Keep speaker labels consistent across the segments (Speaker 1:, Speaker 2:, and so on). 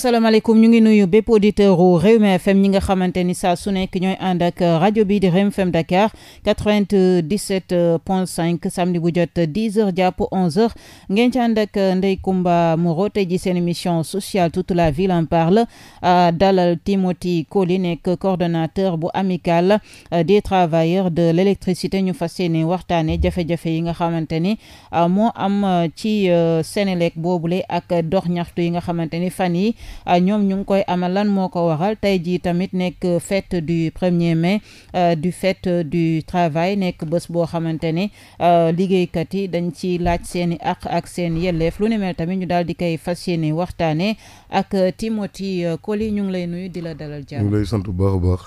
Speaker 1: salaamaaleykum ñu ngi nuyu bépp auditeur u Rewmi FM ñi nga xamante ni saa su nekk ñooy ànd ak rajo bi di Rewmi FM Dakar quatre vingt point cinq samedi bu jot dix heures jàpp onze heures ngeen ci ànd ak Ndeye Comba Moreau ji seen émission sociale toute la ville en parle dalal Timothy Coly nekk coordonnateur bu amicale euh, des travailleurs de l'électricité ñu fas yéene waxtaane jafe yi nga xamante ni euh, moo am euh, ci Sénélec boobule ak dox ñaxtu yi nga xamante ni fan yi Ah, ñoom ñu ngi koy amal lan moo ko waxal tey jii tamit nekk euh, fet du premier mais euh, du fet du travail nekk bés boo xamante ne euh, liggéeykat yi dañ ci laaj seen i àq ak seen yelleef lu ne mel tamit ñu daal di koy fas yéene waxtaanee ak Timothy Koli ñu ngi lay nuyu di la dalal jàmm. ñu ngi lay
Speaker 2: sant bu baax a baax.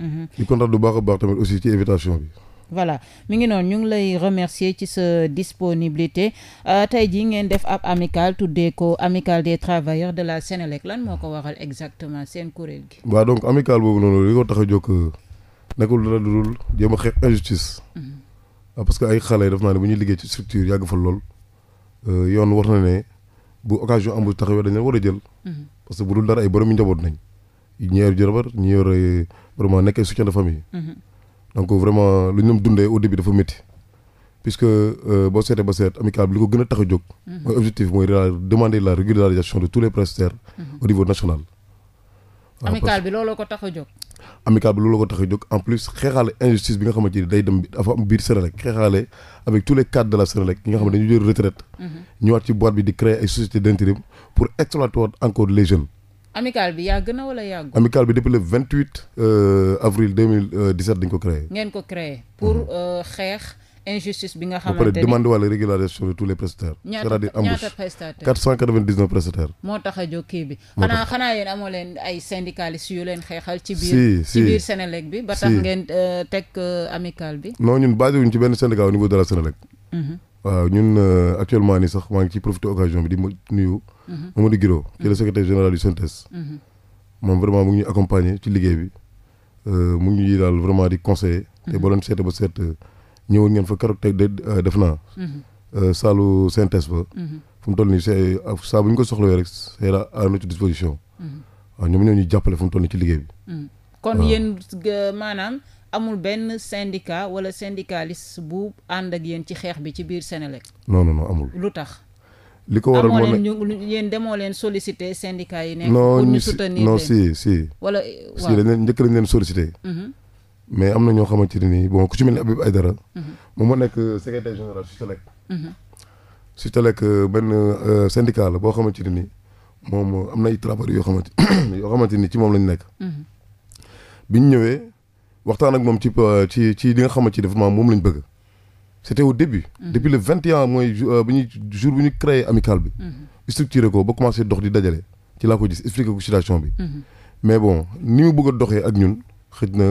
Speaker 2: Mhm. di kontaan bu baax a baax tamit aussi ci invitation bi.
Speaker 1: voilà mu ngi noonu ñu ngi lay remercier ci sa disponibilité euh, tey jii ngeen def ab amicale tuddee ko amicale de travailleurs de la Sénélec lan moo ko waral exactement seen kuréel gi.
Speaker 2: waaw donc amicale boobu noonu li tax a jóg euh, nekkul dara dul jéem mm-hmm. ah, parce que ay xale daf naa bu ñuy liggéey ci structure yàgg fa lool euh, yoon war na ne bu occasion amul taxawee dañ leen war a jël. Mm-hmm. parce que bu dul dara ay borom yu njaboot nañ. ñi yor jabar ñi yor vraiment nekk ay soutien famille. Mm-hmm. donc vraiment lu ñu dundee au début dafa métti puisque euh, boo seetee ba seet amical bi li ko gën a tax a jóg. Mhm. mooy objectif mooy demander la régularisation de tous les prestataires mhm. au niveau national. amical
Speaker 1: bi looloo ko tax a jóg.
Speaker 2: amical bi looloo ko tax a jóg en plus xeexaale injustice bi nga xamante ni day dem dafa am biir Sénélec xeexaale avec tous les cadres de la Sénélec ñi nga xam ne dañu jël retraite mhm. ñëwaat ci boîte bi di créer ay les jeunes.
Speaker 1: amical bi yàgg na wala yàggul.
Speaker 2: amical bi depuis le vingt huit euh, avril deux mille dix sept dañ ko créé.
Speaker 1: Mhm. Euh,
Speaker 2: régularisation de tous les prestataires. c'est-à-dire embauche ñaata prestataires. 499 prestataires.
Speaker 1: moo tax a jóg bi. xanaa xanaa yéen amoo leen ay syndicalistes yu leen xeexal. ci biir ci biir Sénélec bi. ba tax ngeen euh, teg euh, amical bi. non
Speaker 2: ñun basé wuñ ci benn syndicat niveau de la mhm. waaw ñun actuellement nii sax maa ngi ci profité occasion bi di ma Mhm. Mamadou Guiro qui est le secrétaire général du CNTS. Mhm. moom vraiment mu ngi ñu accompagner ci liggéey bi euh, mu ngi ñuy daal vraiment di conseiller. te mhm. boo leen seetee ba seet euh, ñëwoon ngeen fa keroog teg de euh, def naa. saalu CNTS ba. fu mu toll nii see saa bu ñu jàppale fu toll nii ci liggéey bi. kon yéen
Speaker 1: maanaam amul benn syndicat wala syndicaliste bu ànd ak yéen ci xeex bi ci biir Senelec.
Speaker 2: non non non amul li ko waral moo ne
Speaker 1: amoo leen yéen demoo leen sollicité syndicat yi
Speaker 3: nekk. ñu soutenir non si si. wala waaw si leen
Speaker 2: njëkk lañ leen sollicité. Mhm. mais am na ñoo xamante ne nii bon ku ci mel ni Habib Aïdara. Mhm. moom moo nekk euh, secrétaire général Sutelec. Mhm. Sutelec euh, benn euh, syndicat la boo xamante ne nii moom am na ay travailleurs yoo xamante yoo xamante ni ci moom lañ nekk. biñ ñëwee waxtaan ak moom ci ci ci li nga xamante ni vraiment moom lañ bëgg. c'était au début. Mhm. depuis le 21 mooy euh, bi ñuy jour bu ñu créé amicale bi. Mhm. structuré ko ba commencé dox di dajale ci laa ko gis expliqué ko bi. Mhm. mais bon ni mu bëgg a doxee ak ñun xëj na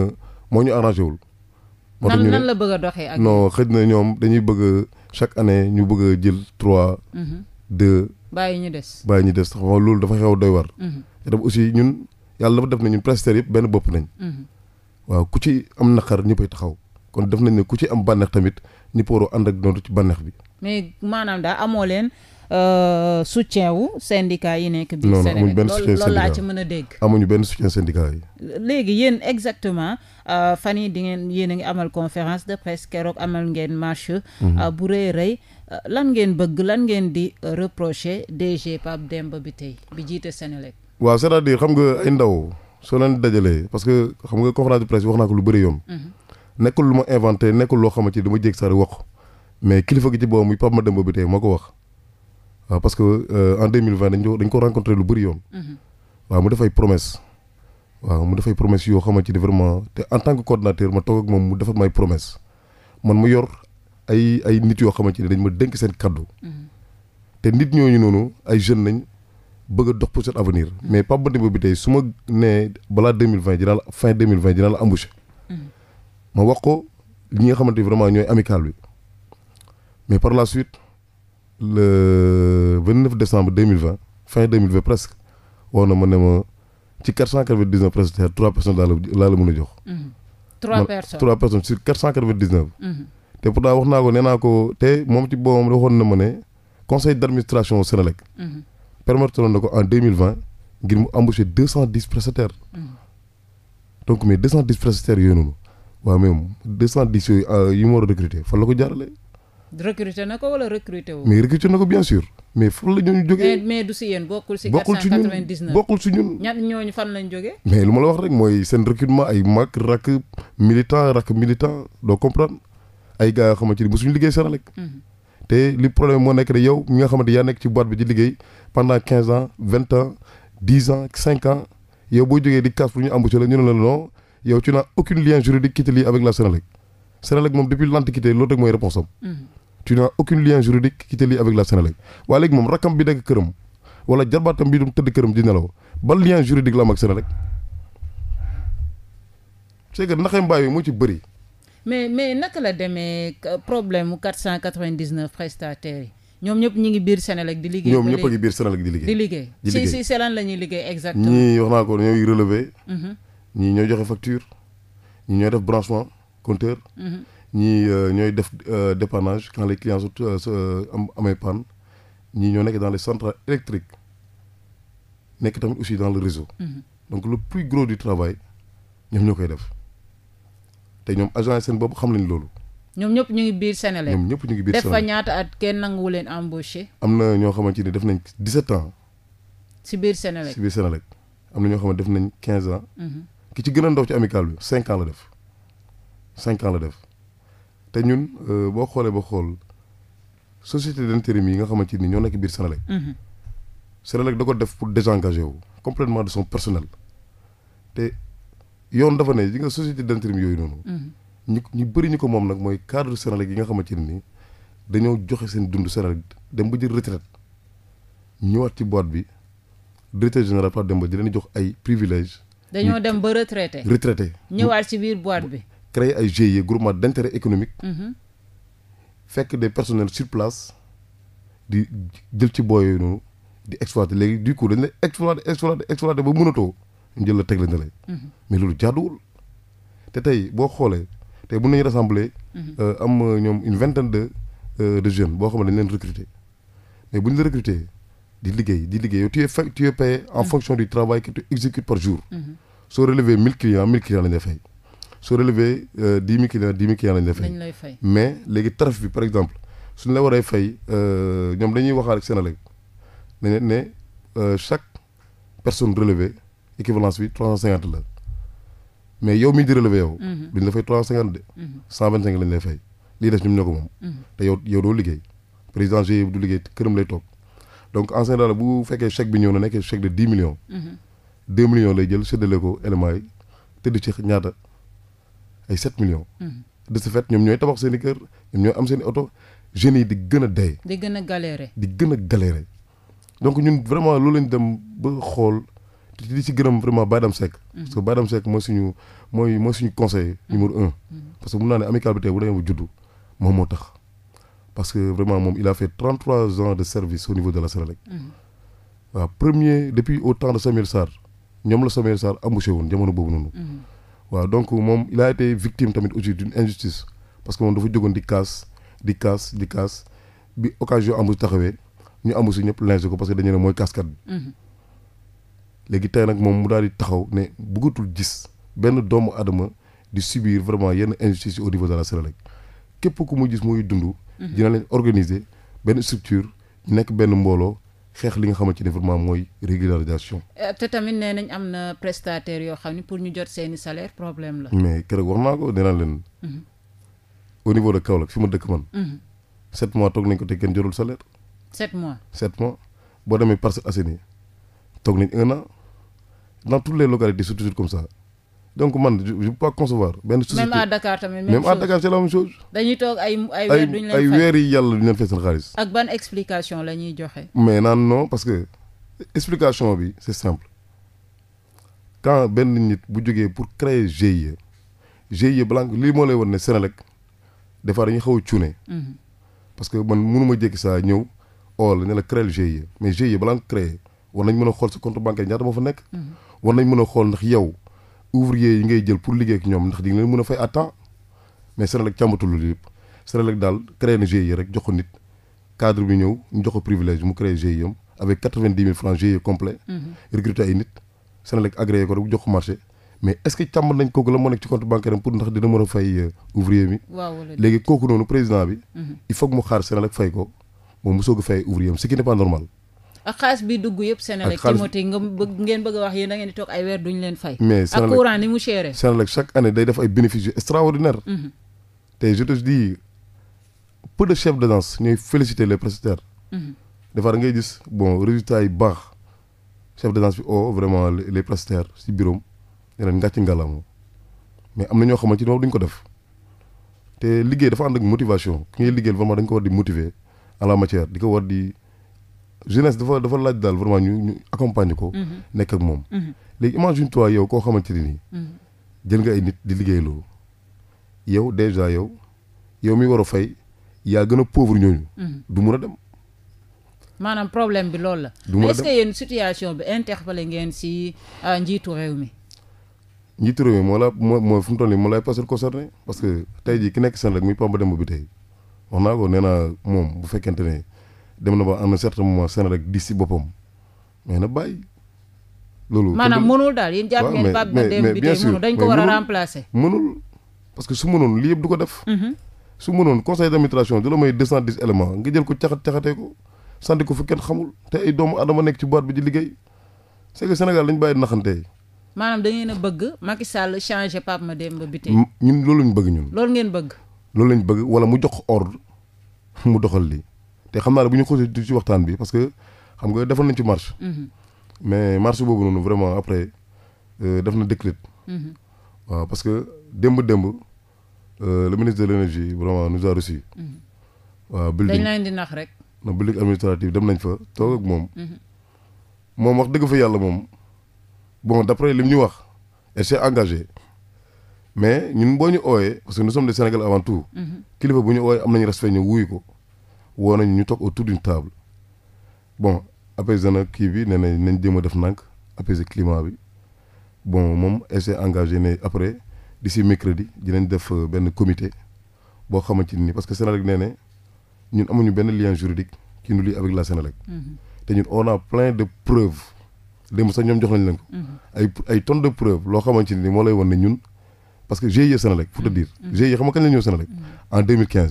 Speaker 2: moo ñu arrangé wul.
Speaker 1: moo tax nan la bëgg a doxee ak non
Speaker 2: xëj na ñoom dañuy bëgg chaque année ñu bëgg a jël trois. deux bàyyi ñu des. bàyyi ñu des xam loolu dafa xew doy war. te aussi ñun yàlla dafa def na ñun prestataires yëpp benn bopp nañ. waaw ku ci am naqar ñëppay taxaw kon def nañ ne ku ci am bànneex tamit. pour waroo ànd ak doon ci bànneex bi.
Speaker 1: mais maanaam daal amoo leen euh, soutien wu syndicat yi nekk. biir Sénégal non amuñu loolu laa ci mën a dégg.
Speaker 2: amuñu benn soutien syndicat yi.
Speaker 1: léegi yéen exactement euh, fan yii di ngeen yéen a ngi amal conférence de presse keroog amal ngeen marche. Mhm. Euh, bu rëy rey lan ngeen bëgg lan ngeen di reprocher DG Pape Demba bi tey bi jiite Senelec.
Speaker 2: waaw c'est-à-dire xam nga ay ndaw soo leen dajalee parce que xam nga conférence de presse wax naa ko lu bëri yoon. Mhm. nekkul lu ma inventé nekkul loo xamante ni dama jég sari wax mais kilifa gi ci boobu muy Pape Mademba bi tey moo ko wax waaw parce que euh, en deux mille vingt dañu dañ ko rencontré lu bëri yoon. waa mu def ay promesse waaw mu def ay promesse yoo ci ni vraiment te en tant que coordonnateur ma toog ak moom mu defal may promesse man mu yor ay ay nit yoo xamante ni dañ ma dénk seen kaddu. Mhm. te nit ñooñu noonu ay jeunes nañ bëgg a pour seen avenir. Mhm. mais Pape su ma nee balaa deux mille vingt dinaa ma wax ko ñi nga xamante vraiment ñooy amical bi mais par la suite le 29 décembre 2020 fin 2020 presque woo na ma ne ma ci 499 prestataires 3 personnes laa la laa la mën a jox.
Speaker 3: 3 mhm. personnes 3
Speaker 2: personnes sur 499. Mhm. te pourtant wax naa ko nee ko te moom ci boobam waxoon na ma ne conseil d' administration Sénélec. Mhm. permettre na ko en 2020 mu embaucher 210 donc mais 210 yooyu noonu. waaw même deux cent dix yooyu euh, yi mu war a recruter fan la ko jaarale.
Speaker 1: recruter na ko wala recruter wu. mais
Speaker 2: recruter na ko bien sûr. mais fan la ñooñu
Speaker 1: jógee. si yéen bokkul si. ñun bokkul si ñun. fan lañ jógee.
Speaker 2: mais lu ma la wax rek mooy seen recrutement ay mag rakk militant rakk militant doo comprendre ay gars yoo xamante ni bu suñu liggéey Senelec. Mm-hmm. te li problème moo nekk de yow mi nga xamante yaa nekk ci boîte bi ci liggéey pendant quinze ans vingt ans dix ans cinq ans yow boo jógee di casse pour ñu ñu ne la yow tu n'as aucun lien juridique qui te lie avec la Sénélec Sénélec moom depuis l'antiquité loolu rek mooy réponse am mm-hmm. tu n'as aucun lien juridique qui te lie avec la Sénélec waaye léegi moom rakkam bi nekk këram wala jarbaatam bi dum tëdd këram di nelaw ban lien juridique la am ak Sénélec c'est que naxee mbaay moo bëri
Speaker 1: mais mais naka la demee euh, problème mu 499 prestataires yi ñoom ñëpp ñu ngi biir Sénélec di liggéey. ñoom ñëpp a ngi
Speaker 2: biir Sénélec di liggéey. di liggéey si
Speaker 1: si lan la ñuy liggéey
Speaker 3: exactement.
Speaker 2: ñii ñii ñooy joxe facture ñii ñooy def branchement compteur. Mhm. ñii euh, ñooy def euh, dépannage quand les clients sont euh, am amee panne ñii ñoo nekk dans les centrales électriques nekk tamit aussi dans le réseau. Mhm. donc le plus gros du travail ñoom ñoo koy def te ñoom agent seen bopp xam nañ loolu.
Speaker 1: ñoom ñëpp ñu ngi biir Senelec ñoom
Speaker 2: ñëpp ñu ngi biir Senelec def fa
Speaker 1: ñaata at kenn nanguwu leen embauché.
Speaker 2: am na ñoo xamante ni def nañ 17 ans.
Speaker 1: si biir Senelec si biir
Speaker 2: Senelec am na ñoo xamante def nañ quinze ans. Mhm. ki ci gën a ndaw ci amical bi cinq ans la def cinq la def te ñun euh, boo xoolee ba xool société d'intérim yi nga xamante ni ñoo nekk biir Sénélec. Mhm. Sénélec da ko def pour désengager wu complètement de son personnel te yoon dafa ne yi nga société d'intérim yooyu noonu. Mhm. ñu ñu ñu ko moom nag mooy cadre Sénélec yi nga xamante ne ni dañoo joxe seen dund Sénélec dem ba jël ñu ñëwaat ci boîte bi directeur général Pape Demba di leen jox ay privilèges. dañoo dem ba retraité. retraité ñëwaat
Speaker 1: ci biir boîte bi.
Speaker 2: créer ay GIE groupement d' intérêt économique. Mhm. fekk des personnels sur place di jël ci booy yooyu noonu di exploité léegi du coup dañ lay exploité exploité exploité ba mënatoo ñu jël la teg la ne la. Mhm. mais loolu jaaduwul te tey boo xoolee te bu nañu rassembler. Mhm. Euh, am ñoom une vingtaine de euh, de jeunes boo xam ne dañ leen recruter mais bu ñu la recruter. di liggéey di liggéey yow tu es fa tu es payé en fonction du travail que tu exécutes par jour. Mhm. soo relevé 1000 clients 1000 clients lañ lay soo relevé 10 000 clients 10 000 clients lañ lay mais léegi tarif bi par exemple suñ la waree fay euh, ñoom dañuy waxaat ak Sénégal ne ne euh, chaque personne relevée équivalence bi 350 la mais mhm. la fay 350 de. 125 mhm. lañ lay fay lii des ñoom ñoo ko moom. te yow doo liggéey président GIE du liggéey këram lay donc en général bu fekkee chèque bi ñëw na nekk chèque de dix millions. Mhm. deux millions lay jël séddale ko éléments yi tëdd ci ñaata ay sept millions. Mhm. de ce fait ñoom ñooy tabax seen i kër ñoom ñooy am seen oto jeunes yi di gën a dee.
Speaker 1: di gën a di
Speaker 2: gën a galérer donc ñun vraiment loolu lañ dem ba xool te di ci gërëm vraiment Badam Seck. Mhm. parce que Badam Seck mooy suñu mooy mooy suñu conseil numéro un. parce que mun naa ne amicale bi bu demee bu juddu moom moo tax. parce que vraiment moom il a fait 33 ans de service au niveau de la Senelec. Mm-hmm. waaw premier depuis au temps de Samuel Sarr ñoom la Samuel Sarr embauché woon jamono boobu noonu. Mm-hmm. waaw donc moom il a été victime tamit aussi d'une injustice parce que moom dafa jógoon di kaas di kaas di kaas bi occasion amul taxawee ñu amul si ñëpp lynché ko parce que dañu ne mooy kaaskat bi. Mm-hmm. léegi tey nag moom mu daal di taxaw ne buggatul gis benn doomu adama di subir vraiment yenn injustice au niveau de la Senelec ku muy gis muy dund. Mhm. dina leen organiser benn structure nekk benn mbooloo xeex li nga ci ne vraiment mooy régularisation.
Speaker 1: Euh, te tamit nee nañ am na prestataire yoo xam ne pour ñu jot seeni salaire problème la. mais
Speaker 2: keroog wax naa ko nee naa leen. Mhm. au niveau de Kaolack fi ma dëkk man. Mhm. sept mois toog nañ ko te kenn jotul salaire. sept mois sept mois boo demee Parcelles Assainies toog nañ un an dans toutes les localités surtout comme ça. donc man je ne concevoir benn société même
Speaker 1: à Dakar tamit même à Dakar c'est la même chose. dañuy toog ay ay weer duñ ay weer
Speaker 2: yi yàlla duñ leen fay seen xaalis.
Speaker 1: ak ban explication la ñuy joxe.
Speaker 2: mais naan non parce que explication bi c'est simple quand benn nit bu jógee pour créer GIE GIE balaa lii moo lay won ne Sénélec des fois dañuy xaw a cuune. Mhm. parce que man ma jékki saa ñëw oo la ne la créer GIE mais GIE balaa nga créer war nañ mën a xool sa compte bancaire ñaata moo fa nekk. Mhm. war nañ mën a xool ndax yow. ouvrier yi ngay jël pour liggéey ak ñoom ndax di nga leen mën a fay à temps mais Senelec càmbatul loolu yëpp Senelec daal créé na GIE rek jox ko nit cadre bi ñëw ñu jox ko privilège mu créé GIE am avec quatre-vingt-dix mille francs GIE complet mhm. recruté ay nit Senelec agréé ko rek jox ko marché mais est-ce que càmb nañ kooku la moo nekk ci compte bancaire pour ndax dina mën a fay euh, ouvrier mi léegi kooku noonu président bi mhm. il faut que mu xaar Senelec fay ko moom mu
Speaker 1: ak xaalis bi dugg yëpp Senelec Timothée nga a wax yéen da ngeen di leen fay mais ak courant ni mu chéré
Speaker 2: Senelec chaque année day def ay bénéfices yu extraordinaire mhm. te je te dis peu de chefs mhm. ngay gis bon résultat yi baax chef d'agence bi o oh, vraiment les prestataires si bureau am yeneen ngàcc mais am na ñoo xamante ni duñ ko def te liggéey dafa ànd ak motivation ki ngay liggéeyal vraiment dañ ko war di motiver à la matière di ko war di jeunesse dafa dafa laaj daal vraiment ñu ñu accompagner ko. Mhm. nekk ak moom. Mhm. léegi imagine toi yow koo xamante ne nii. Mhm. jël nga ay yow déjà yow yow mi war a fay yaa gën a pauvre ñooñu. du mun a dem.
Speaker 1: maanaam problème bi loolu la. du a dem est-ce que yéen situation bi interpellé ngeen si euh, njiitu réew mi.
Speaker 2: njiitu réew mi moo la moo moo fu mu moo lay passer concerné parce que tey jii ki nekk seen rek muy Pamba Demba bi tey wax naa ko nee moom bu fekkente ne. dem na ba am na certain moment Senelec di si boppam mais na bàyyi. loolu maanaam mënul
Speaker 1: daal yéen jàpp ngeen Pape Demba Bitèye mënul dañ ko war
Speaker 2: yëpp du ko def. Mhm. su mënoon conseil d'administration du la may deux cent dix éléments nga jël ko caxat caxatee ko sànni ko fu kenn te doomu adama nekk ci boîte bi di liggéey c'est que Sénégal dañ bàyyi naxante.
Speaker 1: maanaam da ngeen a bëgg Macky Sall changer Pape Demba Bitèye.
Speaker 2: ñun loolu ñu bëgg ñun. loolu ngeen bëgg. loolu lañ bëgg wala mu jox ordre mu doxal li te xam naa ne bu ñu xoolee du ci waxtaan bi parce que xam nga defoon nañ ci marche. Mhm. mais marche boobu noonu vraiment après euh, def na décret. Mhm. parce que démb démb euh, le ministre de l' énergie vraiment nous a mhm. dem nañ fa toog ak moom. moom wax dëgg fa yàlla moom bon d' après lim ñu wax et c' engagé mais ñun boo ñu ooyee parce que nous sommes des Sénégalais avant tout. kilifa bu ñu ooyee am nañu respect ñu wuyu ko. woo nañu ñu toog autour d'une table bon apaiser na kii bi nee nañ nañ jéem a def nànk apaiser climat bi bon moom essayé engagé ne après d'ici mercredi dinañ def euh, benn comité boo xamante ni parce que Sénélec nee ne ñun amuñu benn lien juridique qui nous lie avec la Sénélec. Mhm. te ñun on a plein de preuves. démb sax ñoom jox nañ leen ko. Mhm. ay ay de preuves loo xamante ni moo lay wan ne ñun parce que GIE Sénélec pour te mhm. dire. GIE xam kañ la ñëw en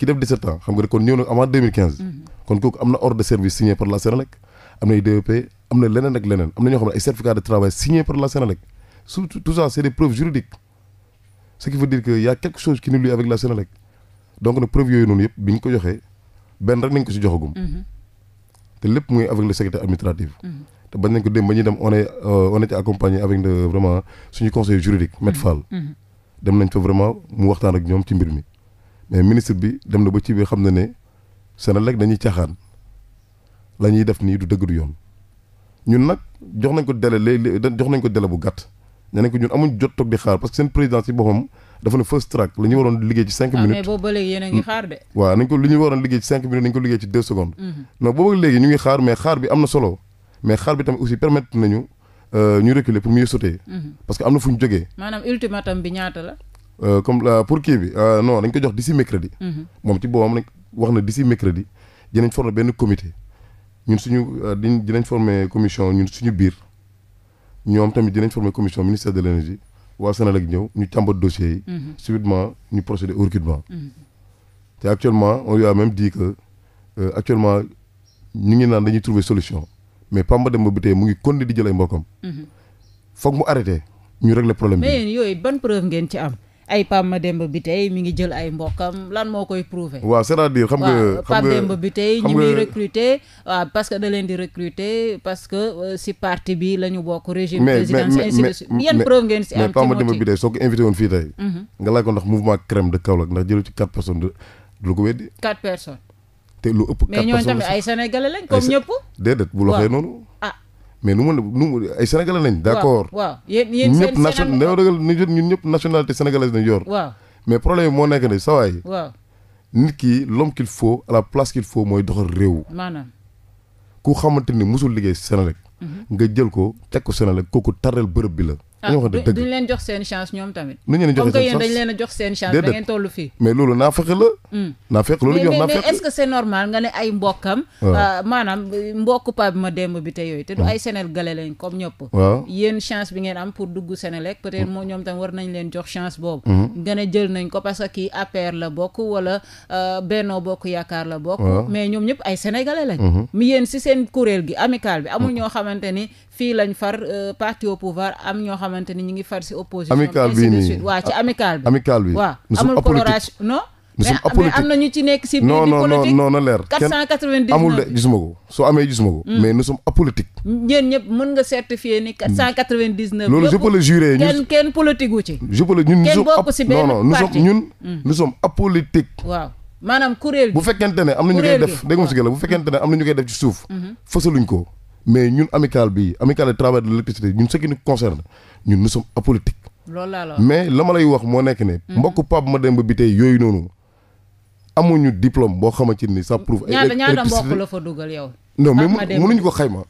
Speaker 2: ki def 17 ans xam nga kon mhm. kon kooku am na ordre service signé par la Sénélec am nay DEP am na leneen ak leneen am na ñoo xam ne ay certificat de travail signé par la Sénélec surtout tout ça c' est des preuves ce qui veut dire que y' quelque chose qui nous lie avec la Sénélec donc nag preuve yooyu noonu yëpp bi ñu ko joxee benn rek nañ ko si joxagum. Mhm. te lépp mooy avec le secrétaire administratif. Mhm. te bañ nañ ko dem ba ñuy dem mais ministre bi dem na ba ci biir xam na ne Senelec dañuy caaxaan la ñuy def nii du dëgg du yoon ñun nag jox nañ ko délai léegi jox nañ ko délai bu gàtt ne nañ ko ñun amuñ jot toog di xaar parce que seen président ci boppam dafa ne first track la ñu waroon liggéey ci cinq ah, minutes mais
Speaker 1: boobu ba léegi yéen a ngi xaar de. Hmm.
Speaker 2: waaw nañ ko li ñu waroon liggéey ci cinq minutes nañ ko liggéey ci deux secondes hmm. non boobu léegi ñu ngi xaar mais xaar bi am na solo mais xaar bi tamit aussi permettre nañu euh, ñu reculer pour mieux sauter hmm. parce que am fu ñu jógee Euh, comme euh, pour kii bi euh, non dañ ko jox d'ici mercredi. Mhm. moom ci boobam na wax na d'ici mercredi dinañ former benn comité ñun suñu di dinañ former commission ñun suñu biir ñoom tamit dinañ former commission ministère de l'énergie waa Sénélec ñëw ñu càmbat dossiers yi. Mhm. subitement ñu procéder au recrutement. Mhm. te actuellement on lui a même dit que actuellement ñu ngi naan dañuy trouver solution mais Pamba Demba bi tey mu ngi continuer di jël ay mbokkam. mu arrêté ñu régler problème
Speaker 1: ay Pape Demba Bitèye mi ngi jël ay mbokkam lan moo koy prouver. waaw c'est-à-dire xam nga Pape Demba Bitèye ñi muy recruter waaw parce que da leen di recruter parce euh, si parti bi la ñu bokk régime présidentiel ainsi de suite si am. mais Pape Demba
Speaker 2: soo ko invité woon fii tey. Mhm. nga laaj ko ndax mouvement crème de ndax jëlu ci quatre personnes de lu ko weddi. quatre personnes. te lu ëpp mais ñooñu tamit ay sénégalais lañ comme ñëpp. déedéet bu loxee noonu ah. mais nu mu nu ay sénégalais lañ. d'accord waaw
Speaker 1: yéen yéen seen
Speaker 2: ñun ñëpp nationalité sénégalaise lañ yor. mais problème bi moo nekk ne saa waay. waaw nit ki l'homme qu'il faut à la place qu'il faut mooy dox réew. maanaam. ku xamante ni musul liggéey Senelec. Mhm. nga jël ko teg ko Senelec kooku tardel bërëb bi la. dañoo wax ah, dëgg duñ
Speaker 1: leen jox seen chance ñoom tamit. nañ leen comme que yéen dañ leen jox seen chance. Hmm. Euh, bi te yooyu. te du ay Sénégalais ñëpp. waaw ngeen am pour dugg Sénélec peut-être moo ñoom tam war nañ leen jox chance boobu. Mm-hmm. nga ne jël nañ ko parce que kii APR la bokk wala euh, Benno Bokk Yaakaar la bokk. mais ñoom ñëpp ay Sénégalais lañ. mi mm-hmm. yéen si seen kuréel gi amical bi amul ñoo xamante ni fii lañ far euh, parti au pouvoir am ñoo xamante ni ñu ngi far si opposition. amical bii nii waaw ci amical bi. amical bi ñu ci nekk si biir politique non non non
Speaker 2: na leer. 499 amul de hmm. mais nous sommes apolitique.
Speaker 1: ñeen ñëpp mën nga certifier ni 499. Hmm. loolu je peux le jurer kenn kenn politique wu ci.
Speaker 2: je peux le hmm. waaw maanaam kuréel bu fekkente ne am na ñu koy def dégg nga si gën la bu fekkente ne am na ñu koy def ci suuf. fësaluñ ko. mais ñun amicale bi amicale de travail de l'électricité ñun ce qui nous concerne ñun nous sommes apolitiques. mais la ma lay wax moo nekk ne. Mm-hmm. mbokk Pape Mademba bi tey yooyu noonu amuñu diplôme boo xamante ni ça prouve. ay électricité ñaata ñaata mbokk la
Speaker 1: fa dugal yow.
Speaker 2: non mais mënuñu ko xayma.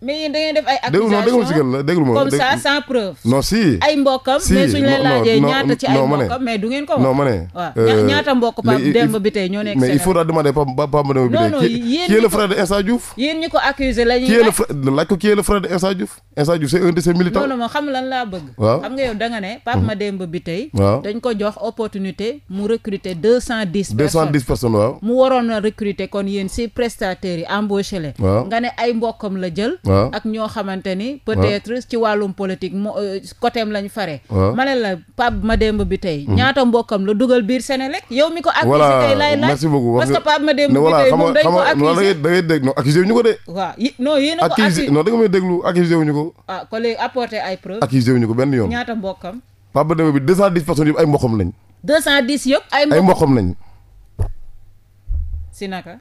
Speaker 1: mais yéen da ngeen def ay. accusations
Speaker 2: la déglu ma comme ça sans preuve. non si ay
Speaker 1: mbokkam. si mais suñu la laajee ñaata ci ay mbokkam mais du ngeen ko wax. non ma ne waaw euh, ñaata mbokk Pape Demba bi tey ñoo nekk. mais il faudra
Speaker 2: demander Pape Demba bi tey. non non yéen ñi ko qui est le frère de Insa Diouf.
Speaker 1: yéen ñi ko accusé la ñuy laaj.
Speaker 2: laaj ko qui est le frère de Insa Diouf. Insa Diouf c'est un de ses militants. non non
Speaker 1: ma xam lan laa bëgg. waaw xam nga yow da nga ne Pape Demba bi tey. waaw dañ ko jox opportunité mu recruter deux cent dix. deux cent dix personnes waaw. mu waroon a recruter kon yéen si prestataires yi embauché leen. waaw nga ne ay mbokkam la jël waaw ak ñoo xamante ni. peut-être ci wàllum politique mo euh, côté am lañ fare. waaw ma ne la Pape Mademba bi tey. Mhm. ñaata mbokkam la dugal biir sene Sénélec. yow mi ko accusé tey lay laaj merci beaucoup parce que Pape Mademba bi tey moom dañ ñu ko de. waaw yéen a ko. accusé non
Speaker 2: da nga ko.
Speaker 1: ah collègue apporter ay preuves. ko benn yoon ñaata mbokkam.
Speaker 2: Pape Mademba bi 210 personnes yëpp ay mbokkam lañ.
Speaker 1: 210 yëpp ay. ay mbokkam lañ. si naka.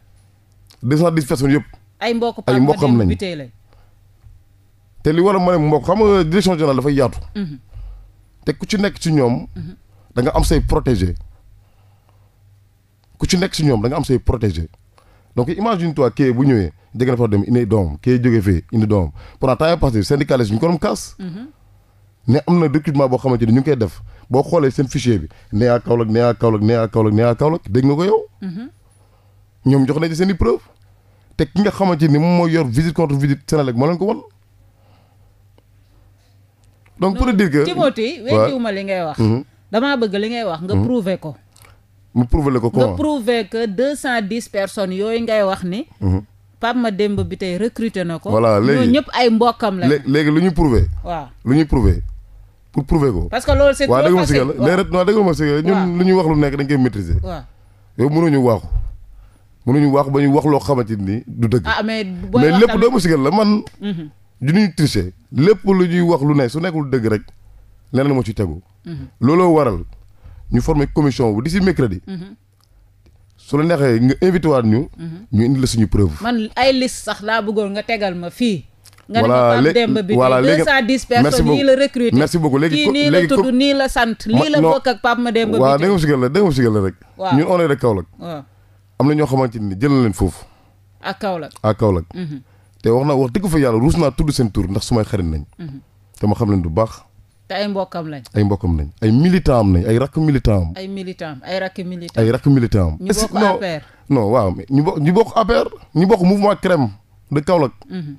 Speaker 2: 210 personnes yëpp.
Speaker 1: ay mbokk Pape Mademba bi tey lañ
Speaker 2: te li war a mën a mbokk xam nga direction générale dafay yaatu. Mhm. te ku ci nekk ci ñoom. Mhm. danga am say protégé. ku ci nekk ci ñoom danga am say protégé donc imagine toi kii bu ñëwee dégg na fa dem indi doom kii jógee fee indi doom pendant temps passé syndicaliste ñu ko doon kaas. Mhm. ne am na recrutement boo xamante ni ñu ngi koy def boo xoolee seen fichier bi nee naa Kaolack nee naa Kaolack nee naa Kaolack nee naa dégg nga ko yow. ñoom jox nañ ci seen i preuve te ki nga xamante ni moom mooy yor visite contre visite Sénélec moo ko wan. donc pour dire que Timothy weddiwuma
Speaker 1: li ngay wax mhm. damaa bëgg li ngay wax nga mhm. prouver ko
Speaker 2: mu prouver la ko comment nga
Speaker 1: prouver que deux cent dix personnes yooyu ngay wax ni mhm. Pape Mademba bi tey recruter na ko voilà léegi ñëpp ay mbokkam la
Speaker 2: léegi lu ñu prouver waaw lu ñuy prouver pour prouver ko parce que loolu c'est waaw dëgg ma sigal léegi waaw dëgg ma sigal ñun lu ñuy wax lu nekk dañ koy maîtriser waaw yow mënuñu waaxu mënuñu waaxu ba ñu wax loo xamante ni du dëgg ah
Speaker 1: mais lépp doo ma sigal la ma
Speaker 2: du ñuy tricher lépp lu ñuy wax lu ne su nekkul dëgg rek leneen moo ci tegu. Mhm. looloo waral ñu former commission bu si mercredi. Mhm. su la neexee nga invité waat ñu. Mhm. ñu indi la suñu preuve.
Speaker 1: man ay liste sax laa bëggoon nga tegal ma fii. voilà léegi voilà léegi nga ne ko Pape Demba bi 210 personnes yii la recruté. merci beaucoup léegi nii la tudd nii la sant. lii la bokk ak Pape Demba bi. waaw da nga ma sigal
Speaker 2: la da nga ma la rek. ñun on est de Kaolack. waaw am na ñoo xamante ni jël leen foofu. ak Kaolack ak Kaolack. te wax naa wax dëgg fa yàlla ruus naa tudd seen tur ndax sumay xarit nañ. Mhm. te ma xam leen du baax.
Speaker 1: te ay mbokkam lañ.
Speaker 2: ay mbokkam lañ ay militant am nañ ay rakk militant am.
Speaker 1: ay militant am ay rakk militant. ay rakk
Speaker 2: militant am. ñu
Speaker 1: bokk
Speaker 2: waaw ñu bokk ñu bokk APR ñu bokk mouvement crème de Kaolack. Mhm.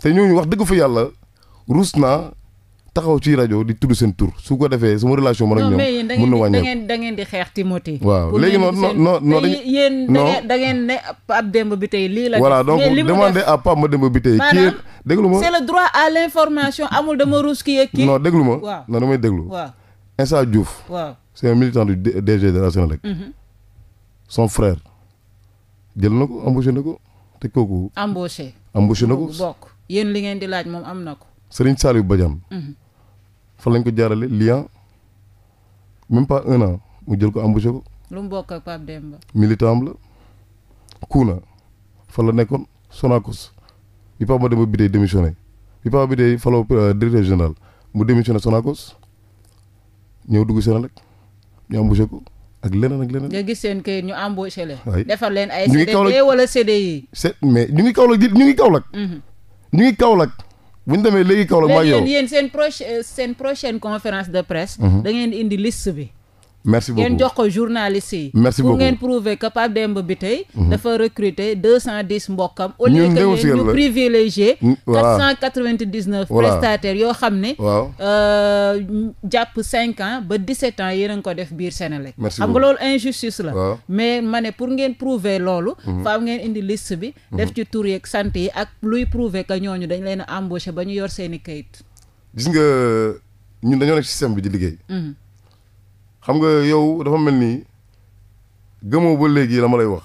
Speaker 2: te ñooñu wax dëgg fa yàlla ruus naa taxaw ci rajo di tudd seen tur su ko defee sama relation man ak ñoom. mun na wàññeeku
Speaker 1: da ngeen di xeex Timothée. waaw léegi non non non non yéen da ngeen ne Pape Demba Bitèye lii la. voilà donc demandez
Speaker 2: à Pape Demba Bitèye. maanaam déglu ma c'est
Speaker 1: le droit à l'information amul dama ruus kii ak kii. non déglu ma waaw non
Speaker 2: damay déglu. waaw Insa Diouf. waaw c'est un militant du DG de la Sénélec. Mhm. son frère jël na ko embauché na ko te kooku. embauché embauché na ko bokk
Speaker 1: yéen li ngeen di laaj moom am na ko.
Speaker 2: Serigne Saliou Badiane. Mhm. fa lañ ko jaarale lien même pas un an mu jël ko embauché ko.
Speaker 1: lu mu bokk ak Pape Demba.
Speaker 2: militant am la. Kuna fa la nekkoon Sonacos bi Pape Demba bi day démissionné bi Pape bi day faloo euh, directeur général mu démissionné Sonacos ñëw dugg Senelec ñu embauché ko. ak leneen ak leneen. nga
Speaker 1: gis seen kayit ñu embauché leen. waay ay. ñu ngi Kaolack
Speaker 2: mais ñu ngi Kaolack ñu ngi Kaolack. Mhm. ñu ngi Kaolack. bu ñu demee léegi Kaolack. maa yow léegi
Speaker 1: yéen seen proche euh, prochaine conférence de presse. Mhm. dangeen ngeen indi list bi.
Speaker 2: merci ngeen jox
Speaker 1: ko journaliste yi. merci beaucoup pour ngeen prouver que Pape bi tey. Mhm. dafa recruter deux cent dix mbokkam. au lieu que ñu privilégié. quatre cent quatre vingt dix neuf. yoo xam ne. waaw euh, jàpp cinq ans ba dix sept ans yéen a ngi ko def biir Sénélec. xam nga loolu injustice la. mais ma ne pour ngeen prouver loolu. Mhm. faaw ngeen indi list bi. def mhm. ci tur yeeg sant yi ak luy prouver que ñooñu dañ leen a embauché ba ñu yor seen i kayit.
Speaker 2: gis nga ñun dañoo nekk système bi di liggéey. xam nga yow dafa mel ni gëmoo ba léegi la ma lay wax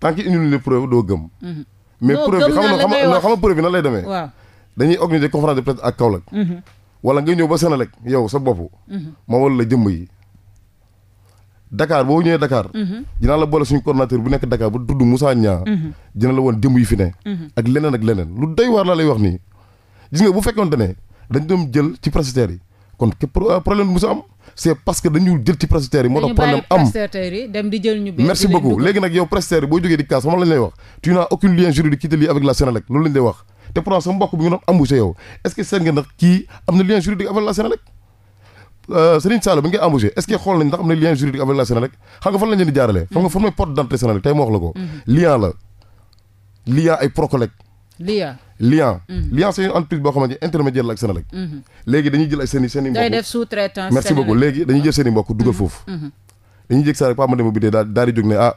Speaker 2: tant que indiwuñu la preuve doo gëm.
Speaker 3: Mhm. mais preuve bi xam nga xam nga
Speaker 2: preuve bi na lay demee. waaw dañuy organiser conférence de presse ak Kaolack. Mhm. wala nga ñëw ba Sénélec yow sa bopp. Mhm. ma wala la jëmm yi. Dakar boo ñëwee dakaar dinaa la boole suñu coordonnateur bu nekk Dakar bu tudd musaa Niang. dina la woon jëmm yi fi ne. ak leneen ak leneen lu doy waar laa lay wax nii. gis nga bu fekkonte ne dañ doon jël ci prestataires yi. kon képp euh, problème bi mu am c' est parce que dañu jël ci prestataires yi moo tax problème am merci beaucoup léegi nag yow prestataire boo jógee di kaas xam la lay wax tu n'as aucun lien juridique te lie avec la Sénélec loolu la ñu wax te pourtant sa mbokk bi nga doon embauché yow est ce que ndax kii am na lien juridique avec la Sénélec euh, Serigne Sall bi nga embauché est ce que xool nañ ndax am na lien juridique avec la Sénélec xam xam nga mhm. fan la Lian. Lian. Mm-hmm. Lian c'est une entreprise boo xamante ni intermédiaire la ak Senelec. Mm-hmm. léegi dañuy jël ay seen i seen i mbokk. day def
Speaker 1: sous léegi
Speaker 2: dañuy jël seen i mbokk dugal mm-hmm. foofu. dañuy jël saa rek pas ma dem bi dee daal daal di jóg ne ah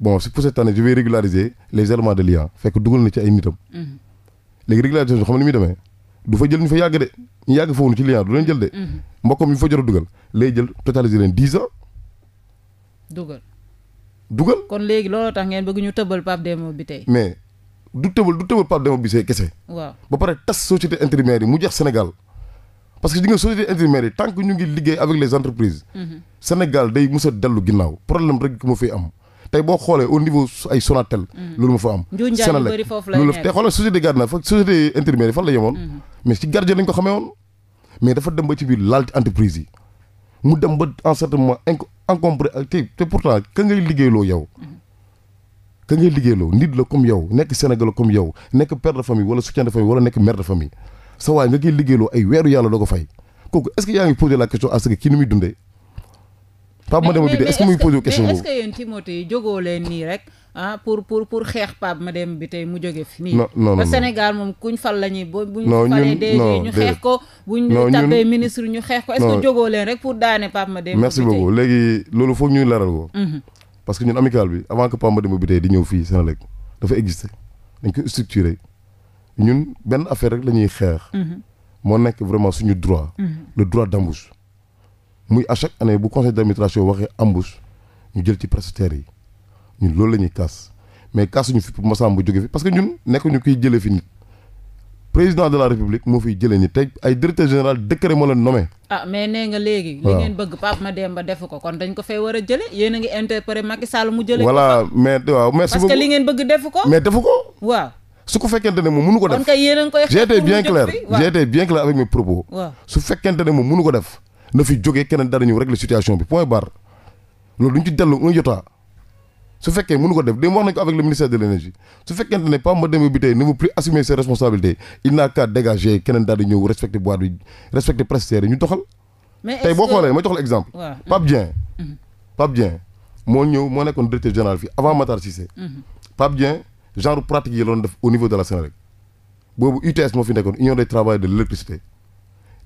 Speaker 2: bon pour cette année je vais régulariser les éléments de Lian dugal na ci ay nitam. léegi régularisation xam nga ni muy demee du fa jël ñu fa yàgg de ñu yàgg foofu ci Lian du leen jël de. mbokkam ñu fa jot a dugal lay jël totaliser leen dix dugal. dugal kon
Speaker 1: léegi looloo tax ngeen bëgg ñu tëbbal Pape Demba bi tey
Speaker 2: du tëbal du tëbal Pape Demba Bissé kese. ba pare tas société intérimaire yi mu jeex Sénégal parce que di nga société intérimaire yi tant ñu ngi liggéey avec les entreprises. Mhm. Sénégal day mus dellu ginnaaw problème rek ku ma am. tey boo xoolee au niveau ay Sonatel. Mhm. loolu ma fa am. Senelec bëri foofu la nekk tey xoolal société fa société mhm. mais ci gardien dañ ko xamee woon. mais dafa dem ba ci biir laal ci entreprise yi mu dem ba en certain moment encombré te pourtant ka ngay liggéeyloo nit la comme yow nekk Sénégal comme yow nekk père de famille wala soutien de famille wala nekk mère de famille sa waay nga koy liggéeyloo ay fi
Speaker 1: nii non non ba Sénégal moom kuñ fal la ñuy bu buñ falee DG ñu xeex ko buñ ñu xeex ko est-ce que jógoo leen rek pour daane Pape Mademba Biteye merci beaucoup
Speaker 2: léegi loolu foog ñuy leeral ko mhm. parce que ñun amicale bi avant que Pamba Demba bi tey di ñëw fii Sénélec dafa exister dañ ko structuré ñun benn affaire rek la ñuy xeex. Mhm. moo nekk vraiment suñu droit. Mhm. le droit d' embauche. muy à chaque année bu conseil d' administration waxee embauche ñu jël ci prestataires yi ñun loolu la ñuy kaas mais kaasuñu fi pour Massamba jóge fi parce que ñun nekkuñu kiy jëlee fi nit. président de la république moo fi jëlee ni tey ay directeur général décret moo leen nommé.
Speaker 1: ah mais nee nga léegi. li ngeen bëgg Pape ba def ko kon dañ ko fee war a jëlee yéen a ngi interpellé Macky Sall mu jëlee. voilà
Speaker 2: mais waaw merci beaucoup parce que li ngeen
Speaker 1: bëgg defu ko. mais defu
Speaker 2: ko. waaw su ko fekkente ne moom mënu ko def. kon kay yéen a ngi koy xeex su fekkente ne moom mënu ko def. na fi jógee keneen dara ñëw régler situation bi point bar loolu duñ ci dellu un jota su fekkee mënu ko def démb wax nañ ko avec le ministère de l' énergie su fekkente ne Pape Mademba bi tey ne plus assumer ses responsabilités il n'a qu'à dégager keneen daal ñëw respecter boîte bi respecter prestataire yi ñu doxal. mais tey boo xoolee ma jox la exemple. waaw mm-hmm. mm-hmm. Pape Dieng. moo ñëw moo nekkoon directeur général fii avant Matar Cissé. Mm-hmm. Pape Dieng genre pratique yi la doon def au niveau de la Sénélec boobu UTS moo fi nekkoon union des travailleurs de l' électricité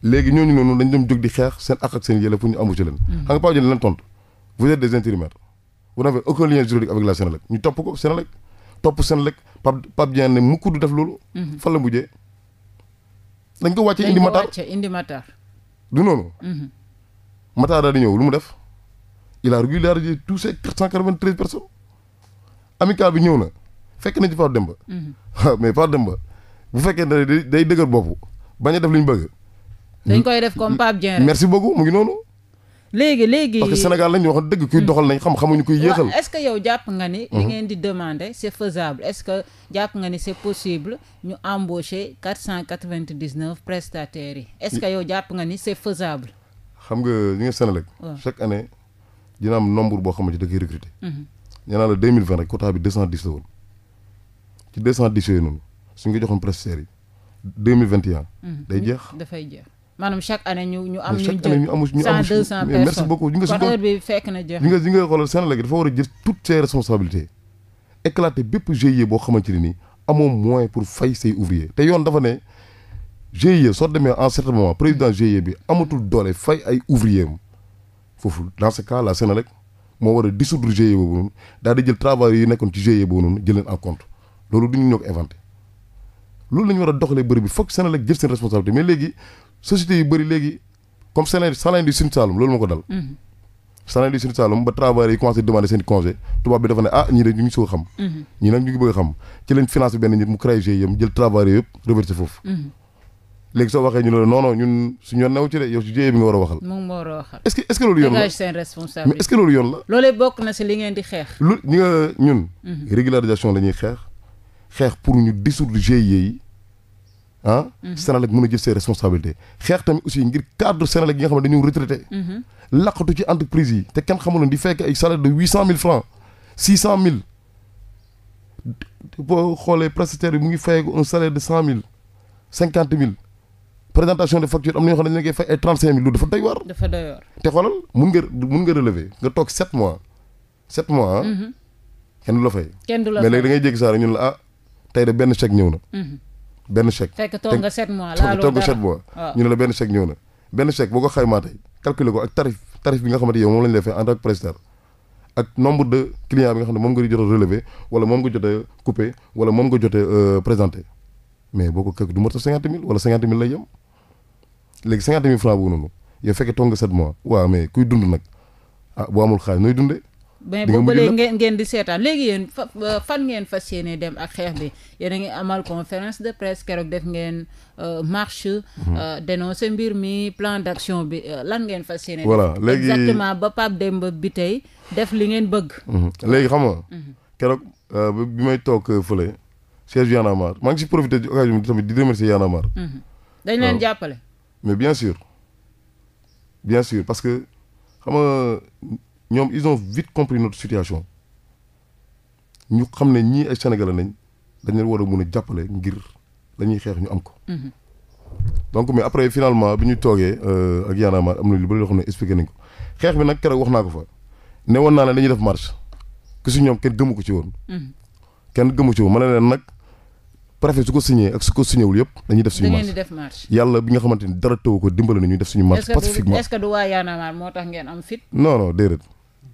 Speaker 2: léegi ñooñu noonu di xeex seen ak ak seen yële fu ñu embauché vous n'avez aucun lien juridique avec la Sénélec ñu topp ko Sénélec topp Sénélec Pape Pape Dieng ne mukk du def loolu. Mhm. fan la mujjee. dañ ko wàccee indi Matar indi Matar. du noonu. Mhm. Matar daal di ñëw lu mu def. il a régularisé tous ces quatre cent quatre vingt treize personnes. amical bi ñëw na fekk nañ ci Pape Demba. Mhm. Ah, mais Pape Demba bu fekkee ne day dëgër bopp bañ a def li bëgg. dañ
Speaker 1: koy def comme Pape Dieng
Speaker 2: merci beaucoup mu ngi noonu. léegi léegi parce que Sénégal lañu wax dëgg kuy hmm. doxal nañ xam xamuñu kuy yéexal. waaw
Speaker 1: est-ce que yow jàpp nga ni. li hmm. ngeen di demander c'est faisable est-ce jàpp nga ni c'est possible ñu embaucher 499 prestataires yi est-ce que yow jàpp nga ni c'est faisable.
Speaker 2: xam nga li nga Sénégal. chaque année dina am nombre boo xam xamante da koy recruter. ñu hmm. naan la 2020 rek quota bi 210 la woon ci 210 yooyu noonu suñ ko joxoon prestataires yi 2021. day jeex
Speaker 1: dafay jeex. maanaam chaque année ñu ñu am. ñu jël cent deux cent personnes merci beaucoup. ñu nga si kon heure bi fekk na jeex. ñu nga
Speaker 2: si nga xoolal Sénégal dafa war a jël toutes ses responsabilités éclater bépp GIE boo xamante ne nii amoo moyen pour fay say ouvrier te yoon dafa ne GIE soo demee en certain moment président GIE bi amatul doole fay ay ouvrier am foofu dans ce cas là Sénégal moo war a dissoudre GIE boobu noonu daal di jël travail yi nekkoon ci GIE boobu noonu jël leen en compte loolu du ñu ñoo ko inventé loolu la ñu war a doxalee bëri bi foog Sénégal jël seen responsabilité mais léegi. société yu bëri léegi comme salaire salaire du Sine Saloum loolu moo ko dal. Mm-hmm. salaire du Sine Saloum ba travailleurs yi commencé demander seen congé tubaab bi dafa ah ñii de ñu xam. Mm-hmm. ñii nag ñu ngi bëgg a xam ci lañ financé benn nit mu créé GIE mu jël travailleurs yëpp reversé foofu. Mm-hmm. léegi soo waxee ñu ne non non ñun suñu yoon newu ci de yow ci GIE bi nga war a waxal.
Speaker 1: moom moo war a waxal est ce que est ce que loolu yoon la dégage seen est ce ñu
Speaker 2: nga xeex xeex ñu dissoudre e yi ah Senelec mën a jël ses responsabilités xeex tamit aussi ngir cadre Senelec yi nga xam ne dañu retraité mm-hmm. laqatu ci entreprise yi te kenn xamul di fekk ay salaire de huit cent mille francs six cent mille boo xoolee prestataire yi mu ngi fayeeku un salaire de cent mille cinquante mille présentation de facture am na ñoo xam ne dañu koy fay ay trente cinq mille loolu dafa doy waar te xoolal mun nga relever nga toog sept mois sept mois ah mm-hmm. kenn du la fay kenn du la fay mais léegi da ngay jékki saa rek ñun la ah tey de benn chèque ñëw na mm-hmm. benn check fekk toog nga 7 mois laaloo toog nga 7 mois. Ah. ñu ne la benn chèque ñëw na. benn chèque boo ko xaymaa tey calculer ko ak tarif tarif bi nga xamante yow moom la ñu defee en tant que prestataire bi nga xam ne moom nga jot a relevé wala moom nga jot a coupé moom nga jot a euh, présenté mais boo ko kekk du mot a wala 50 000 lay yem léegi 50 000 francs boobu noonu yow fekkee nga 7 mois waa mais kuy dund nag ah boo amul xaalis nooy dundee.
Speaker 1: mais boobu léegi ngeen di seetaan léegi yéen fan ngeen fas yéene dem ak xeex bi yéen a ngi amal conférence de presse keroog def ngeen euh, marche. Mhm. Euh, dénoncer mbir mi plan d'action bi euh, lan ngeen fas yéene. voilà léegi exactement ba Pape Demba bi tey def li ngeen bëgg.
Speaker 2: Mhm. léegi xam nga. Mhm. keroog bi may toog fële. siège Y'en a marre maa ngi si profité ci occasion di remercier Y'en a marre.
Speaker 1: dañ leen jàppale.
Speaker 2: mais bien sûr bien sûr parce que xam ñoom ils ont vite compris notre situation ñu xam ne ñii ay sénégalais nañ dañ leen war a mun a jàppale ngir la ñuy xeex ñu am ko. Mhm. donc mais après finalement bi ñu toogee euh, ak Y'en a marre am na lu bëri loo xam ne expliqué nañ ko xeex bi nag keroog wax naa ko fa ne woon naa ne dañuy def marche que si ñoom kenn gëmu ko ci woon. Mhm. kenn gëmu ci woon ma ne leen nag préfet su ko signé ak su ko signé wul dañuy def suñu marche yàlla bi nga xamante ni dara taw ko dimbali na ñuy def suñu marche pacifiquement est-ce
Speaker 1: que du waa a marre moo tax ngeen am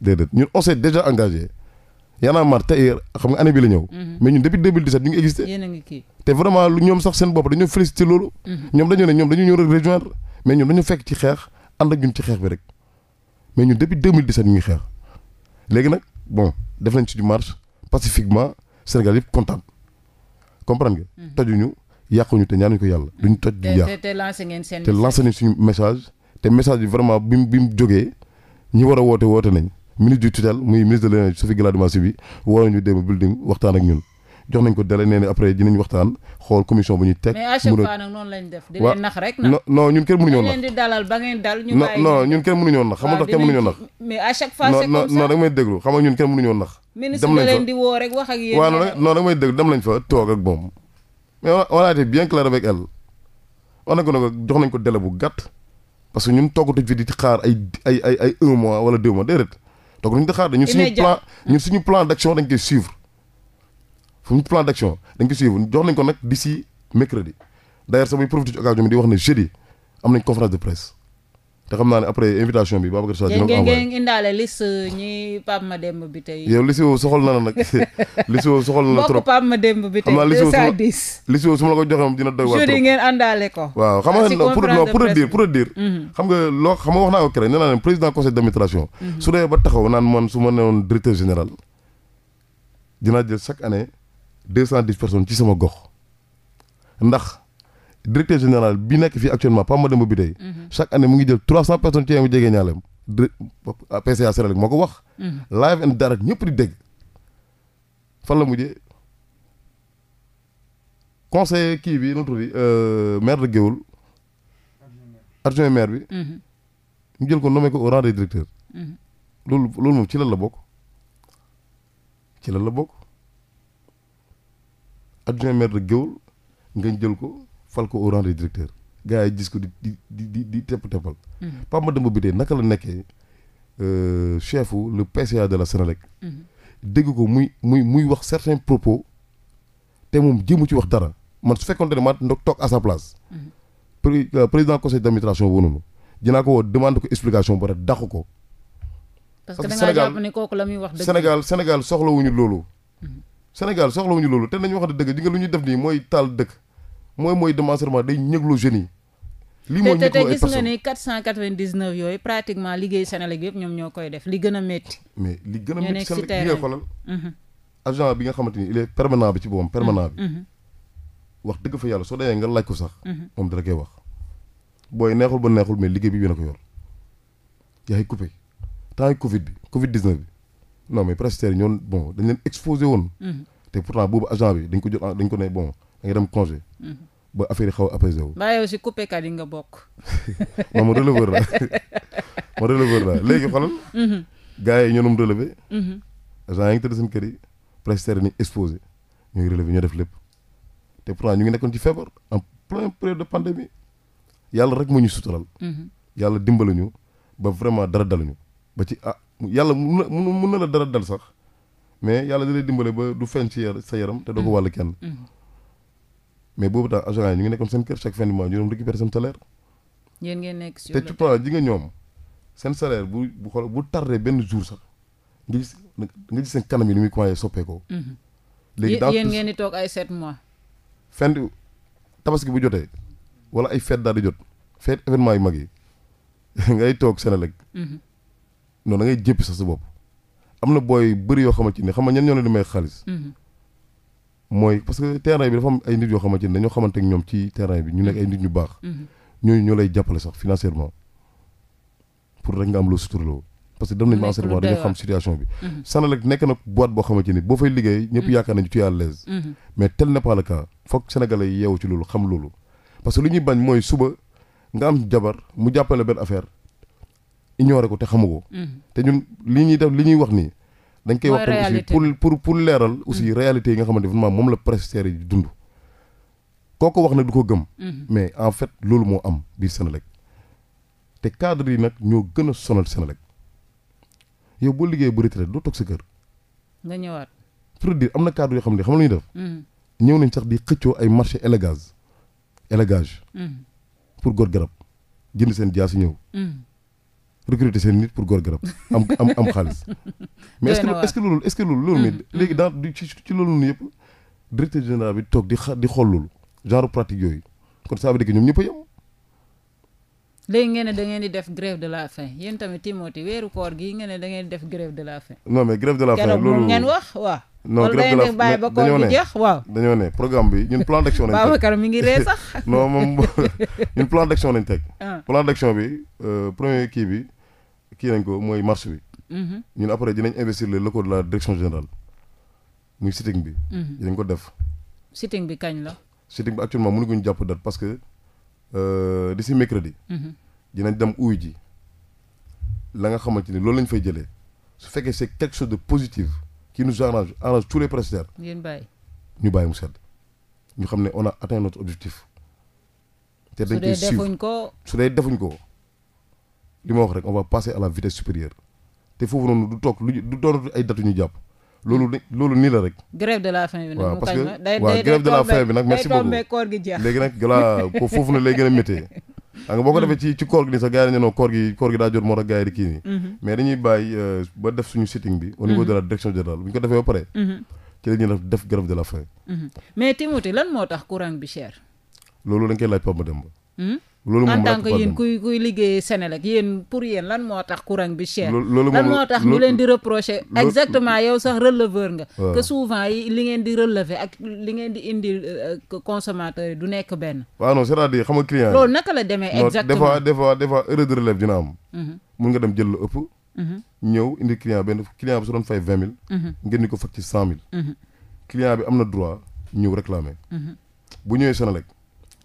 Speaker 2: déedéet ñun on s'est déjà engagé Y'en a marre tey xam nga année bi la ñëw. Mhm. mais ñun depuis 2017 ñu ngi existé. yéen a ngi kii te vraiment lu ñoom sax seen bopp dañoo félicité loolu. Mhm. ñoom dañoo ne ñoom dañu ñëw rek mais ñun dañu fekk ci xeex ànd ak ñun ci xeex bi rek mais ñun depuis 2017 ñu ngi xeex léegi nag bon def nañ ci du marche pacifiquement Sénégal yëpp kontaan comprendre nga. Mhm. tojuñu yàquñu te ñu ko yàlla. duñu toj du yàq te
Speaker 1: te lancé ngeen seen. te
Speaker 2: lancé nañ suñu message te message bi vraiment bi mu bi mu jógee ñi war a woote woote nañ. ministre du tutelle muy ministre de l'énergie Sophie Gladima bi woo ñu dem building waxtaan ak ñun jox nañ ko neen nee na après dinañ waxtaan xool commission bu ñuy teg. mais à chaque fois
Speaker 1: nag noonu lañ def. di leen nax rek nag
Speaker 2: non ñun kenn mënuñoo nax da ngeen
Speaker 1: di dalal ba ngeen dal. ñu bàyyi
Speaker 2: non nax xam nga tax kenn mënuñoo ñoo mais nax. dem nañ fa ministre waaw non da nga may déglu dem nañ fa toog ak moom. mais on a été bien clair avec elle wax nañ ko nag jox nañ ko délai bu gàtt parce que ñun toogatuñ fi di xaar ay ay ay mois wala deux mois déedéet donc lu ñu xaar dañu suñu plan ñun suñu plan d' action dañ koy suivre suñu plan d' action dañ koy suivre jox nañ ko nag d'ici mercredi d' ailleurs samay profité ci occasion di wax ne jeudi am nañ conférence de presse te xam naa ne après invitation bi Babacar Sow dina ko envoyé
Speaker 1: ngeen indaale liste ñi Pape Mademba bi tey. yow
Speaker 2: liste woowu soxal na la nag liste woowu soxal na la trop bokk Pape Mademba bi tey 210. su ma la ko joxee moom dina doy waar
Speaker 1: trop ko. waaw xam nga pour ah, non
Speaker 2: pour dire mhm. xam nga loo xam nga wax naa ko keroog président conseil d' administration. Mhm. su dee ba taxaw naan man su ma newoon directeur général. dinaa jël chaque année deux cent dix personnes ci sama gox ndax. directeur général bi nekk fii actuellement Pape Mademba Biteye mhm. chaque année mu ngi jël trois cent personnes ci mu jege ñaaleem PCA Sénégal moo ko wax mhm. live and direct ñëpp di dégg fan la mujjee conseiller kii bi nu tuddi euh, maire de Géoul adjoint maire bi mhm. ñu jël ko nommé ko au rang des loolu loolu moom ci lan la bokk ci lan la bokk adjoint maire de Géoul nga jël ko fal ko au rang des yi gis ko di di di di tepp teppal. Mhm. Pape Mademba Bitèye naka la nekkee euh, chef le PCA de la Sénélec. Mhm. dégg ko muy muy muy wax certains propos te moom jéemu ci wax dara man su fekkoon ne ma ndox toog à sa place. Mhm. Euh, président conseil d'administration woonu ma ko woo demande ko explication ba rek dàqu ko.
Speaker 1: parce que da ngaa jàpp ne kooku la Sénégal
Speaker 2: Sénégal soxlawuñu loolu. loolu te nañu wax dëgg di nga lu ñuy def nii mooy taal dëkk. mooy mooy démembrement day ñëglu jeunes yi. lii mooy ñëglu ay personnes te te gis nga
Speaker 1: ne 499 yooyu koy def li gën a métti.
Speaker 2: mais li gën mhm. bi nga xamante ni il est permanent bi ci boppam permanent mhm. dëgg fa yàlla soo demee nga laaj ko sax. Mhm. moom dara koy wax. booy neexul ba neexul mais liggéey bi yéen a ko yor yaa ngi coupé temps yi Covid bi Covid 19 bi non mais prestataires yi ñoon exposé woon. te pourtant boobu agent bi dañ ko jël dañ ko ne bon. da nga dem congé. Mhm. ba affaire xaw a apaisé wu. mbaa
Speaker 1: yow si coupékat yi nga bokk. moom releveur la
Speaker 2: moom releveur la léegi xoolal. Mhm. gars yi ñoo doon relevé. Mhm. agent yi ngi tëdd seen kër yi prestataire ni exposé ñu ngi relevé ñoo def lépp te pourtant ñu ngi nekkoon ci feebar en plein période de pandémie yàlla rek moo ñu sutural. yàlla dimbali ñu ba vraiment dara daluñu ba ci ah yàlla mun na la dara dal sax mais yàlla da lay dimbale ba du feeñ ci sa yaram te doo wàll kenn. mais boobu temps agent yi ñu ngi nekkoon seen kër chaque fin du mois ñu doon récupérer seen salaire.
Speaker 1: yéen ngeen nekk sur le te ci plan
Speaker 2: ñoom seen salaire bu bu xool bu tardé benn jour sax nga gis seen kanam yi ni muy commencé soppeekoo. Mhm. léegi dans yéen ngeen
Speaker 1: ay 7 mois.
Speaker 2: fin du tabaski bu jotee wala ay fet daal di jot fête événement yu mag yi ngay toog Senelec. Mhm. non da ngay jéppi sax sa bopp. am na booy bëri yoo xamante ne xam nga ñenn ñoo leen di may xaalis. Mhm. mooy parce que terrain bi dafa am ay nit yoo xamante ne dañoo xamante ak ñoom ci terrain bi ñu nekk ay nit ñu baax. Mm-hmm. ñooñu ñoo lay jàppale sax financièrement pour rek nga am loo suturloo. parce que dem nañ ma enseignement dañoo xam situation bi. Mm-hmm. Senelec nekk na boîte boo xamante boo fay liggéey. ñëpp mm-hmm. yaakaar nañu tu es à mais tel n'est pas le cas yi yeewu ci loolu xam loolu. parce que lu ñuy bañ mooy suba nga am jabar mu jàppale benn affaire ignoré ko te xamu ko. te ñun li ñuy def li ñuy wax nii. dañ koy wax tam aussi pour pour pour leeral mm. aussi réalité yi nga xamante vraiment moom la prestataire yi koo ko wax nag du ko gëm mm-hmm. mais en fait loolu moo am biir Senelec te cadre yi nag ñoo gën a sonal Senelec yow boo liggéey bu retraite doo toog sa kër pour dire am na cadre yoo xam ne xam nga lu ñuy def mm-hmm. ñëw nañ sax di xëccoo ay marché élégage élégage mm-hmm. pour gor garab jënd seen jaasi ñëw recruter seen nit pour gor garab am am am xaalis.
Speaker 3: mais est ce que
Speaker 2: est ce que loolu est loolu loolu mm-hmm, mais léegi mm-hmm. dans ci loolu noonu yëpp directeur général bi toog di xa di xool loolu genre pratique yooyu kon ça veut dire que ñoom ñëpp a
Speaker 1: léegi ngeen ne da ngeen di def grève de la faim yéen tamit Timothy weeru koor gii ngeen ne da di def grève de la faim.
Speaker 2: non mais grève de la faim loolu ngeen wax waaw. non grève de la ba koor gi jeex waaw. dañoo ne programme bi ñun plan d' action. lañ teg Babacar
Speaker 1: mi ngi ree sax. non
Speaker 2: moom ah. bi euh, kii bi. kii nañ ko mooy marché bi. Mhm. ñun après dinañ investir le locaux de la direction générale muy sitting bi. Mhm. dinañ ko def.
Speaker 1: sitting bi kañ la.
Speaker 2: sitting bi actuellement mënuñu jàpp date parce que euh, d'ici mercredi. Mhm. dinañ dem uyu ji la nga xamante ni loolu lañ fay jëlee su fekkee c'est quelque chose de positif qui nous arrange arrange tous les prestataires. ñu bàyyi mu sedd ñu xam ne on a atteint notre objectif. te dañ ko su dee defuñ ko. li ma wax rek on va passer à la vitesse supérieure te foofu noonu du toog lu du ay datu jàpp loolu nii la rek. grève de waaw grève de la faim bi nag. merci beaucoup léegi nag voilà foofu na lay gën a méttee. xam nga boo ko defee ci ci koor gi nii sax gars yi dañu ne gi koor gi daa jot moo tax gars yi nii. Mhm. mais dañuy bàyyi euh, ba def suñu sitting bi. au mhm. de la direction générale bu ñu ko defee ba pare. Mhm. ci la def def de la faim. mais loolu moom en tant que yéen
Speaker 1: kuy kuy liggéey Senelec pour yéen lan moo tax courant bi cher. loolu lan moo tax ñu leen di reprocher. exactement yow sax releveur nga. que souvent yi li ngeen di relever ak li ngeen di indi euh, consommateur yi du nekk benn.
Speaker 2: waaw non cest à xam nga client loolu naka la demee. exactement non des fois des fois erreur de relève dina am. Mhm. mun nga dem jël lu ëpp. Mhm. ñëw indi client benn client bi su doon fay vingt mille. Mhm. ngeen di ko fekk ci cent mille. client bi am na droit ñëw réclamer. bu ñëwee Senelec.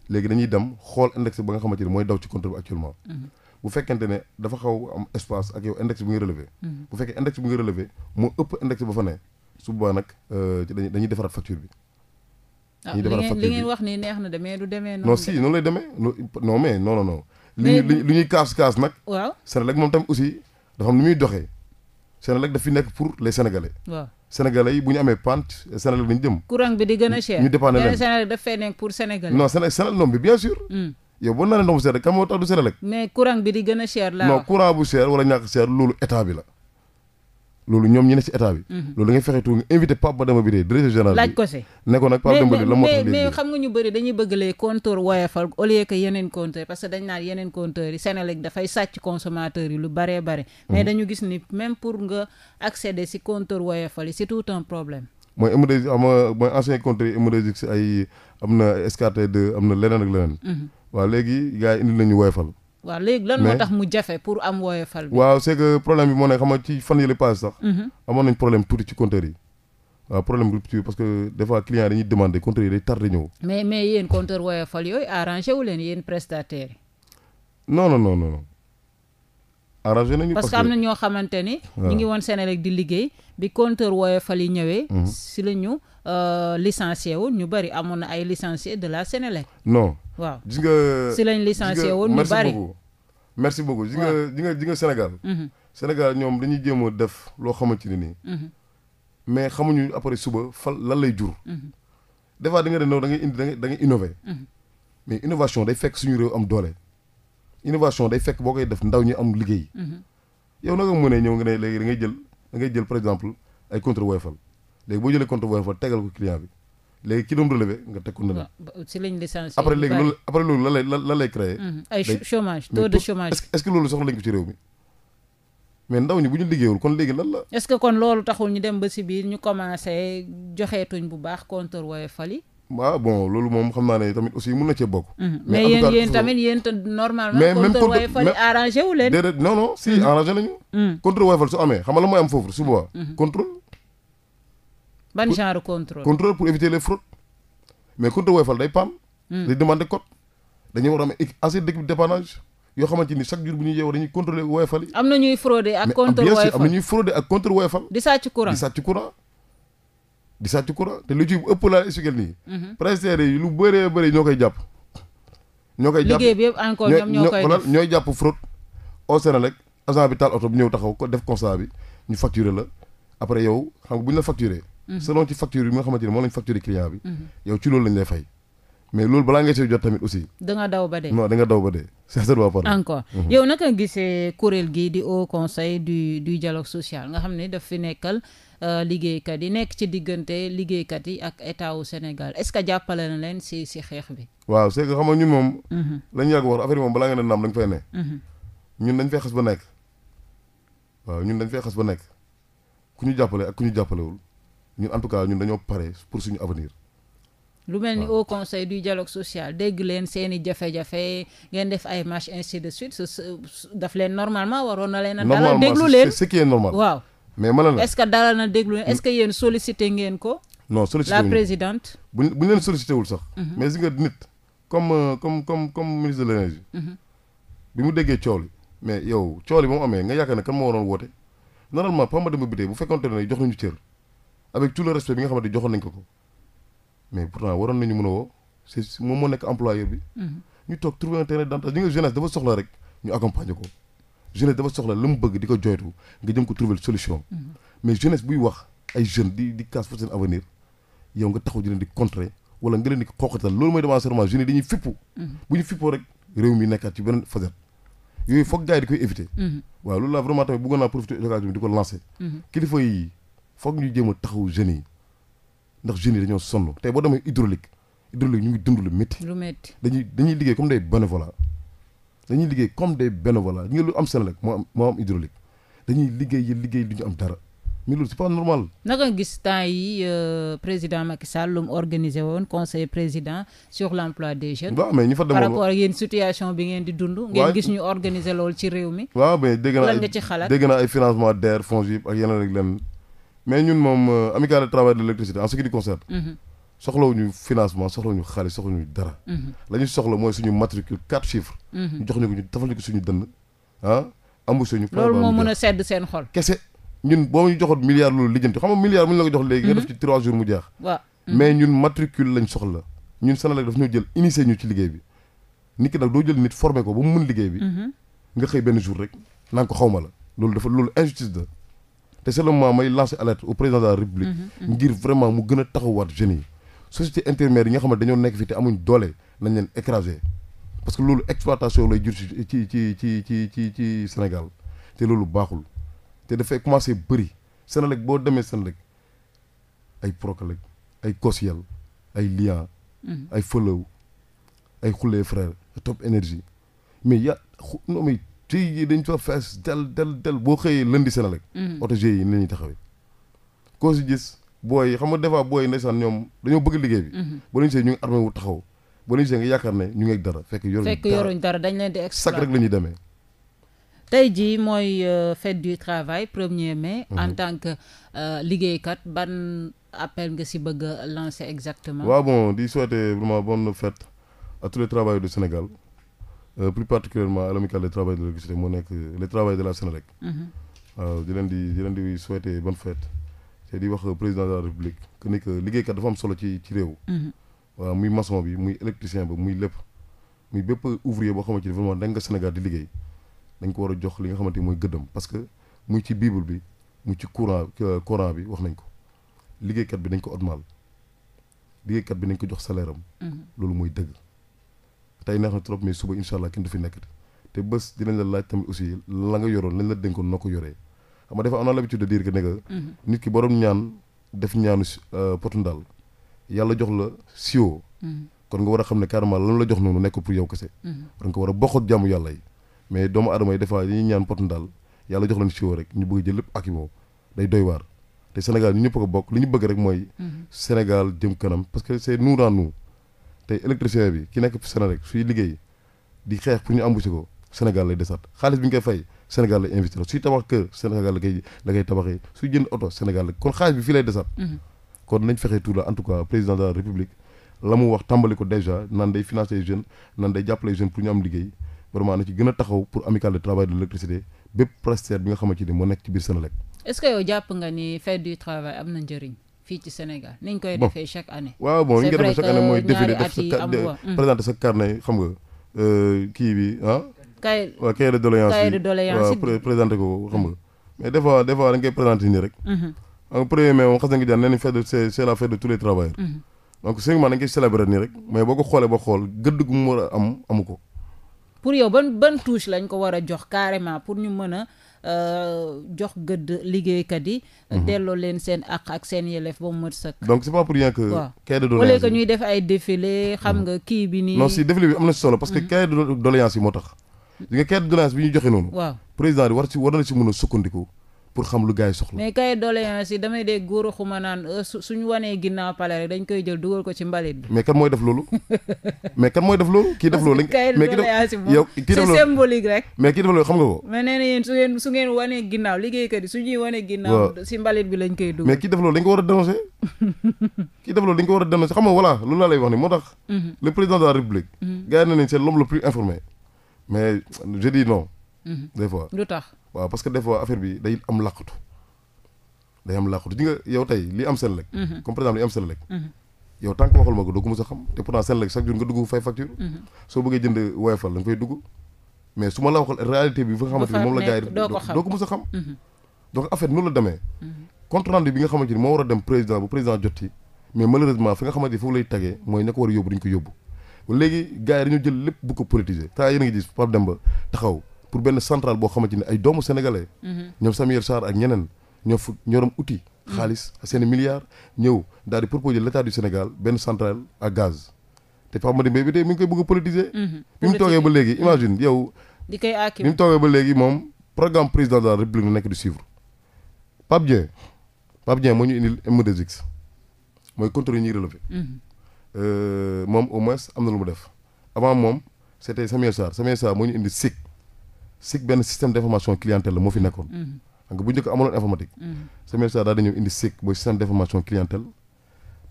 Speaker 2: léegi dañuy dem xool index ba nga xamante ni mooy daw ci compte bi actuellement mhm. bu fekkente ne dafa xaw am espace ak yow index bi nga relevé mhm. bu fekkee index bi nga relevé moo ëpp index ba fa ne su boobaa nag euh, dañuy defaraat facture bi ah, dañuy defaraat facture bi li ngeen
Speaker 1: wax ni neex na de mais du demee noonu non si noonu
Speaker 2: lay demee non ñuy kaas kaas nag waaw Senelec moom tam aussi dafa am ni muy doxee Senelec daf fi nekk pour les sénégalais. waaw sénégalais yi bu ñu amee pante Senelec dañu jëm.
Speaker 1: courant bi di gën a cher ñu dépendre leen Senelec daf fay nekk pour sénégalais. non
Speaker 2: Senelec Senelec noom bi bien sûr. Hmm. yow boo naanee ndox mu Senelec kan moo tax du Senelec.
Speaker 1: mais courant bi di gën a cher la non
Speaker 2: courant bu cher wala ñàkk cher loolu état bi la. loolu ñoom ñi ne ci état bi. Mhm. loolu da ngay fexe tuuti nga invité Pape Mademba Biré directeur général bi laaj ko si. ne ko nag Pape Mademba la moo
Speaker 1: xam nga ñu bëri dañuy bëgg les compteurs woyofal au lieu que yeneen compteurs parce que dañ naan yeneen compteurs yi Senelec dafay sàcc consommateurs yi lu baree bare. Mhm. mais dañu gis ni même pour nga accéder ci compteur woyofal yi c'est tout un problème.
Speaker 2: mooy émergence xam nga mooy ancien compteur yi émergence ci ay am na SKT2 am na leneen ak leneen. Mhm. waaw léegi gars yi indi waaw léegi lan moo tax
Speaker 1: mu jafe pour am woyofal bi. waaw
Speaker 2: c'est que problème bi moo ne xam nga ci fan yële paase sax. Mhm. amoon nañ problème tuuti ci compteur yi. waaw problème rupture parce que des fois client dañuy demander compteur yi day tardé ñëw.
Speaker 1: mais mais yéen compteur woyofal yooyu arrangé wu leen yéen prestataire yi.
Speaker 2: no non non non. arrangé nañu parce que am na
Speaker 1: ñoo xamante ni. ñu ngi woon Senelec di liggéey bi compteur Woyofal yi ñëwee. Mhm. si la ñu euh, licencié woon ñu bari amoon na ay licencié de la Senelec. non waaw gis si lañ licencié woon ñu bari
Speaker 2: merci beaucoup gis nga gis nga gis nga Sénégal. Mhm. Sénégal ñoom dañuy jéem a def loo xamante ne nii. Mhm. mais xamuñu après suba fal lan lay jur. des fois da nga ne non da ngay indi da ngay innover. mais innovation day fekk suñu réew am doole. innovation day fekk boo koy def ndaw ñi am liggéey. Mhm. yow nag mu ne ñëw nga ne léegi da ngay jël da ngay jël par exemple ay contre woyofal léegi boo jëlee contre woyofal tegal ko client bi léegi ki doon relevé nga teg ko ne la.
Speaker 1: si lañ licencié après léegi loolu
Speaker 2: après loolu lan lay lan lay mhm. ay chômage taux de chômage. est ce que loolu soxla nañ ko ci réew mi. mais ndaw ñi bu ñu liggéeyul kon léegi lan la.
Speaker 1: est-ce que kon loolu taxul ñu dem ba si biir ñu commencé joxeetuñ bu baax compteur Woyofal yi
Speaker 2: waaw bon loolu moom xam naa ne tamit aussi mun na cee bokk. Mhm. mais yéen yéen tamit
Speaker 1: yéen normalement. mais même contre Woyofal
Speaker 2: arrangé wu mhm. mhm. su amee xam nga la mooy am foofu su boobaa. contrôle. ban
Speaker 1: genre contrôle. contrôle
Speaker 2: pour éviter les fraudes mais contre Woyofal day paam. day demander code dañuy war a am assez de yoo xamante ni chaque jour bu ñuy yeewoo dañuy contrôler Woyofal yi.
Speaker 1: am na ñuy frauder ak contre Woyofal mais
Speaker 2: bien sûr am di sàcc courant. di sàcc courant te lu ci ëpp laa expliqué nii. Mhm. prestataires yi lu bëree bëri ñoo koy jàpp. ñoo koy jàpp liggéey bi yëpp encore bi taal oto ñëw taxaw ko def constat bi ñu la après yow xam nga bu ñu la facturer. Mhm. selon ci facture bi nga xamante ne moom la ñu facturer client bi. Mhm. yow ci loolu lañ lay fay. mais loolu balaa ngay see jot tamit aussi. da
Speaker 1: nga daw ba dee non da nga daw ba
Speaker 2: dee. c'est ça doit parler encore yow
Speaker 1: naka gisee kuréel gi di haut conseil du dialogue social nga xam ne daf fi nekkal. Euh, liggéeykat yi nekk ci diggante liggéeykat yi ak état wu Sénégal est-ce que jàppale na leen si si xeex bi.
Speaker 2: waaw c'est que xam nga ñun moom. Mhm. la ñu yàgg wax affaire moom balaa nga ne naam dañ fay ne. Mhm. ñun dañ fay xas ba nekk. waaw ñun dañ fay xas ba nekk ku ñu jàppale ak ku ñu jàppalewul ñun en tout cas ñun dañoo pare pour suñu avenir.
Speaker 1: lu mel ni au conseil du dialogue social dégg leen seeni i jafe-jafe ngeen def ay marche si de suite daf leen normalement a. dara mais ma ne la est ce que dara na déglu est ce que yéen sollicité ngeen ko.
Speaker 2: non sollicité wul sax. Mhm. mais si nga nit comme euh, comme comme comme ministre de énergie. Mhm. bi mu déggee coow li mais yow coow li ba mu amee nga yaakaar ne kan moo waroon woote normalement Pamba Demba Bitèye bu fekkonte ne jox nañu cër avec tout le respect bi nga xamante joxoon nañ ko ko mais pourtant waroon nañu mën a woo c' est moom moo nekk employeur bi. Mhm. ñu toog trouver un terrain d'entente ñu rek ñu accompagner ko. jeunesse dafa soxla la mu bëgg di ko jooytu nga jëm ko trouver solution. Mm-hmm. mais jeunesse buy wax ay jeunes di di casse avenir yow nga taxaw di di contrer wala nga leen di xooqatal loolu mooy devant seulement jeunes yi dañuy fippu. Mm-hmm. bu ñu fippoo rek réew mi nekkaat ci beneen facette. yooyu foog gars yi di koy éviter. Mm-hmm. waaw loolu laa vraiment tamit bëggoon naa profiter occasion bi di ko lancer. kilifa yi foog ñu jéem a taxaw jeunes yi ndax jeunes yi dañoo sonn dañuy liggéey comme des bénévoles ñu ngi lu am Senelec moo am moo am hydraulique dañuy liggéey yi liggéey du ñu am dara mais loolu c'est pas normal.
Speaker 1: naka gis temps yi euh, président Macky Sall lu mu organisé woon conseil président sur l' emploi des jeunes. waaw mais ñi fa demoon par rapport ak situation bi ngeen di dund. ngeen gis ñu organiser loolu ci réew mi.
Speaker 2: waaw mais dégg naa ay financement DER FONGIP ak yeneen ak leneen mais ñun moom euh, amicale de de l' ñu financement ñu xaalis soxlawuñu dara. Mhm. la ñu soxla mooy suñu matricule quatre chiffres. Mhm. ñu jox ñu ko ñu defal ñu ko suñu dënn ah embauché ñu. loolu moo mën
Speaker 1: a sedd seen xol.
Speaker 2: kese ñun boo ñu joxoon milliard loolu lijjanti xam nga milliard mu ñu ko jox léegi. nga def mhm. ci trois jours mu jeex.
Speaker 3: waaw mais ñun
Speaker 2: matricule lañ soxla ñun Senelec daf ñoo jël initié ñu ci liggéey bi. nit ki nag doo jël nit formé ko ba mu mën liggéey nga xëy benn jour rek naan ko xawma la loolu dafa loolu injustice da te c'est le la république ngir vraiment gën a taxawaat jeunes yi société intermédiaire yi nga xam ne dañoo nekk fii te amuñ doole nañ leen écraser parce que loolu exploitation lay jur ci ci ci ci ci ci Sénégal te loolu baaxul te dafay commencé bëri Senelec boo demee Senelec ay Procalec ay Cosiel ay Lia mhm. ay Fëlëw ay Xule Frère Top Énergie mais ya no mais tey dañ fa fees del del del boo xëyee lëndi Senelec mhm. oto yi ni ñuy taxawee koo si gis booy xam nga des fois booy ndeysaan ñoom dañoo bëgg liggéey bi boo leen gisee ñu ngi armé wu taxaw boo leen nga yaakaar ne ñu ngi dara fekk yoruñ fekk yoruñ dara
Speaker 1: dañ leen di exploiter rek la ñuy demee tey jii mooy euh, fête du travail mhm. tant que euh, liggéeykat ban appel nga a lancer exactement waaw
Speaker 2: bon di souhaiter vraiment bonne fête à tous les travailleurs du Sénégal Euh, plus particulièrement à l'amicale des moo nekk les travailleurs de mhm. di leen di di te di wax président de la république que ni que liggéeykat dafa am solo ci ci réew. Mhm. waaw muy mason bi muy électricien bi muy lépp muy bépp ouvrier boo xamante ni vraiment da nga Sénégal di liggéey dañ ko war jox li nga xamante ni mooy gëddam parce que muy ci bible bi muy ci courant euh, courant bi wax nañ ko liggéeykat bi dañ ko odmal liggéeykat bi dañ ko jox salaire am. Mhm. loolu mooy dëgg. tey neex na trop mais suba incha allah kenn du fi nekkati te bés dinañ la laaj tamit aussi la nga yoroon lañ la dénkoon noo ko yoree. xam nga dafa on a l'habitude de dire que ne que mhm. nit ki borom ñaan def ñaanu euh, potundal yàlla jox la sio mhm. kon nga war a xam ne carrément lan la jox noonu nekk pour yow kese war mhm. nga war a bokk jàmm yàlla yi mais doomu adama yi des fois ñaan pot potundal yàlla jox leen sio rek ñu bëgg jël lépp ak yi moom day doy waar te Sénégal ñu ñëpp ko bokk li ñu bëgg rek mooy Sénégal jëm kanam parce que se nous dans nous tey électricien bi ki nekk Sénégal rek suy liggéey di xeex pour ñu embauché ko Sénégal lay desaat xaalis bi ñu fay Sénégal la invité suy tabax kër Sénégal la koy tabaxee suy jënd oto Sénégal la kon xaalis bi fii lay mhm. kon nañ fexe tout la en tout cas président de la république la wax tàmbali ko déjà nan day financer les jeunes nan day jàppale pour ñu am liggéey vraiment na ci gën a taxaw pour amicale de travail de l'électricité bépp prestataire bi nga xamante ni moo nekk ci biir Sénélec
Speaker 1: est-ce que yow jàpp nga ni fête du travail am na njëriñ fii ci Sénégal
Speaker 2: cahier waaw cahier de doléance cahier de doléance waaw présenté ko xam nii rek xam mhm. nga premier mai moom xas nañ de c'est la fête de tous les travailleurs mhm. donc seulement ba xool gëdd gu mu war a am amu ko
Speaker 1: pour yow ban ban touche lañ ko a jox carrément pour ñu mën a euh, jox mhm. delloo leen seen àq ak seen yelleef ba mu mën sëkk. donc c'est pas pour que. waaw de
Speaker 2: doléance yi moo tax. di nga carte de doléance bi ñu joxe noonu. waaw président bi war ci war na ci mën a sukkandiku pour xam lu gars yi soxla.
Speaker 1: mais kayit doléance yi damay dégg góor xuma naan euh, su ngeen wanee ginnaaw liggéeykat yi su ñuy wanee ginnaaw. si mbalit bi lañ koy dugal. kii
Speaker 2: def a dénoncer a dénoncer xam mhm. république. Mhm. gars yi ne nañ c'est le plus informé mais je dis non. Mhm. des fois lu tax. waaw parce que des fois affaire bi day am làqatu day am làqatu di nga yow tey li am Senelec. Mhm. comme par exemple li am Senelec. Mhm. yow tant que waxul ma ko doo ko mës a xam te pourtant Senelec chaque jour nga dugg fay facture. soo bëggee jënd woyofal da nga fay dugg. mais su ma la waxul réalité bi. fa nga xamante ni moom la a xam. donc demee. compte bi nga xamante ni moo war a dem président bu président jot ci mais malheureusement fi nga xamante ni foofu lay yóbbu. léegi gars yi dañoo jël lépp bu ko politiser temps yéen a ngi gis Pape Demba taxaw pour benn centrale boo xamante ni ay doomu sénégalais. Mm-hmm. ñoom Samuel Sarr ak ñeneen ñoo fu ñorom uti. Mm-hmm. xaalis seen i milliards ñëw daal di proposer l' état du Sénégal benn centrale à gaz te Pape Mademba bi tey mi ngi koy bëgg a politiser. Mm-hmm. bi mu toogee ba léegi imagine yow.
Speaker 1: di mu toogee
Speaker 2: ba léegi moom programme président de la république la nekk du suivre Pape Dieng Pape Dieng moo ñu indil M2X mooy contrôle yi Euh, moom au moins am na lu mu def avant moom c' était Samuel Sarr Samuel Sarr moo ñu indi SIC SIC benn système d' information clientèle la moo fi nekkoon. xam mhm. bu njëkk amuloon informatique. Mhm. Samuel Sarr daal di ñëw indi SIC mooy système d' information clientèle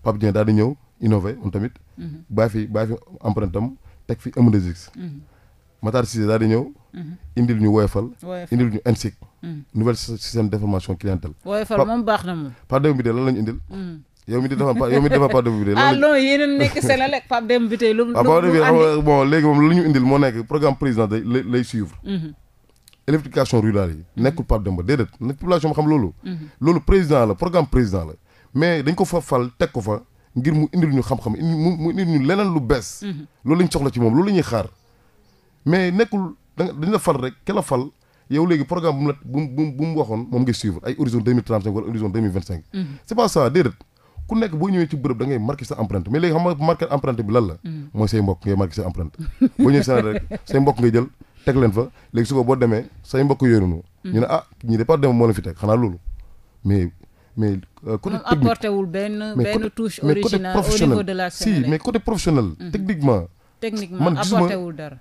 Speaker 2: Pape Dieng di ñëw innové moom tamit. Mhm. bàyyi fi bàyyi fi empreinte am teg fi M2X. Matar Cissé ñëw. indil ñu woyofal. indil ñu NSIC. nouvelle système d' information clientèle. moom baax na moom. yow mi di defar yow mi di defar pâte de vite. ah non
Speaker 1: yéen nekk Sénégal ak Pape Demba Biteye. lu mu
Speaker 2: ah, moo nekk programme président day lay suivre. Mhm. électrification rurale yi mhm. nekkul Pape Demba déedéet nag population bi loolu. Mhm. loolu président la programme président la mais dañ ko fa fal teg ko fa ngir mu indil ñu xam-xam indi mu ñu leneen lu bees. loolu lañ soxla ci moom loolu la ñuy xaar mais nekkul dañ la fal rek ke fal. yow léegi programme bu mu bu mu bu mu waxoon moom ngay suivre ay horizon deux mille c'est pas ça déedéet. ku nekk boo ñëwee ci bërëb da ngay marqué sa empreinte mais léegi xam nga marqué bi lan la mm. mooy say mbokk ngay marqué sa boo ñëwee say mbokk ngay jël teg leen fa léegi su ko boo demee say mbokk yooyu noonu mm. ñu ne ah ñi de par dem moo leen fi teg xanaa loolu mais mais de la scène si mm.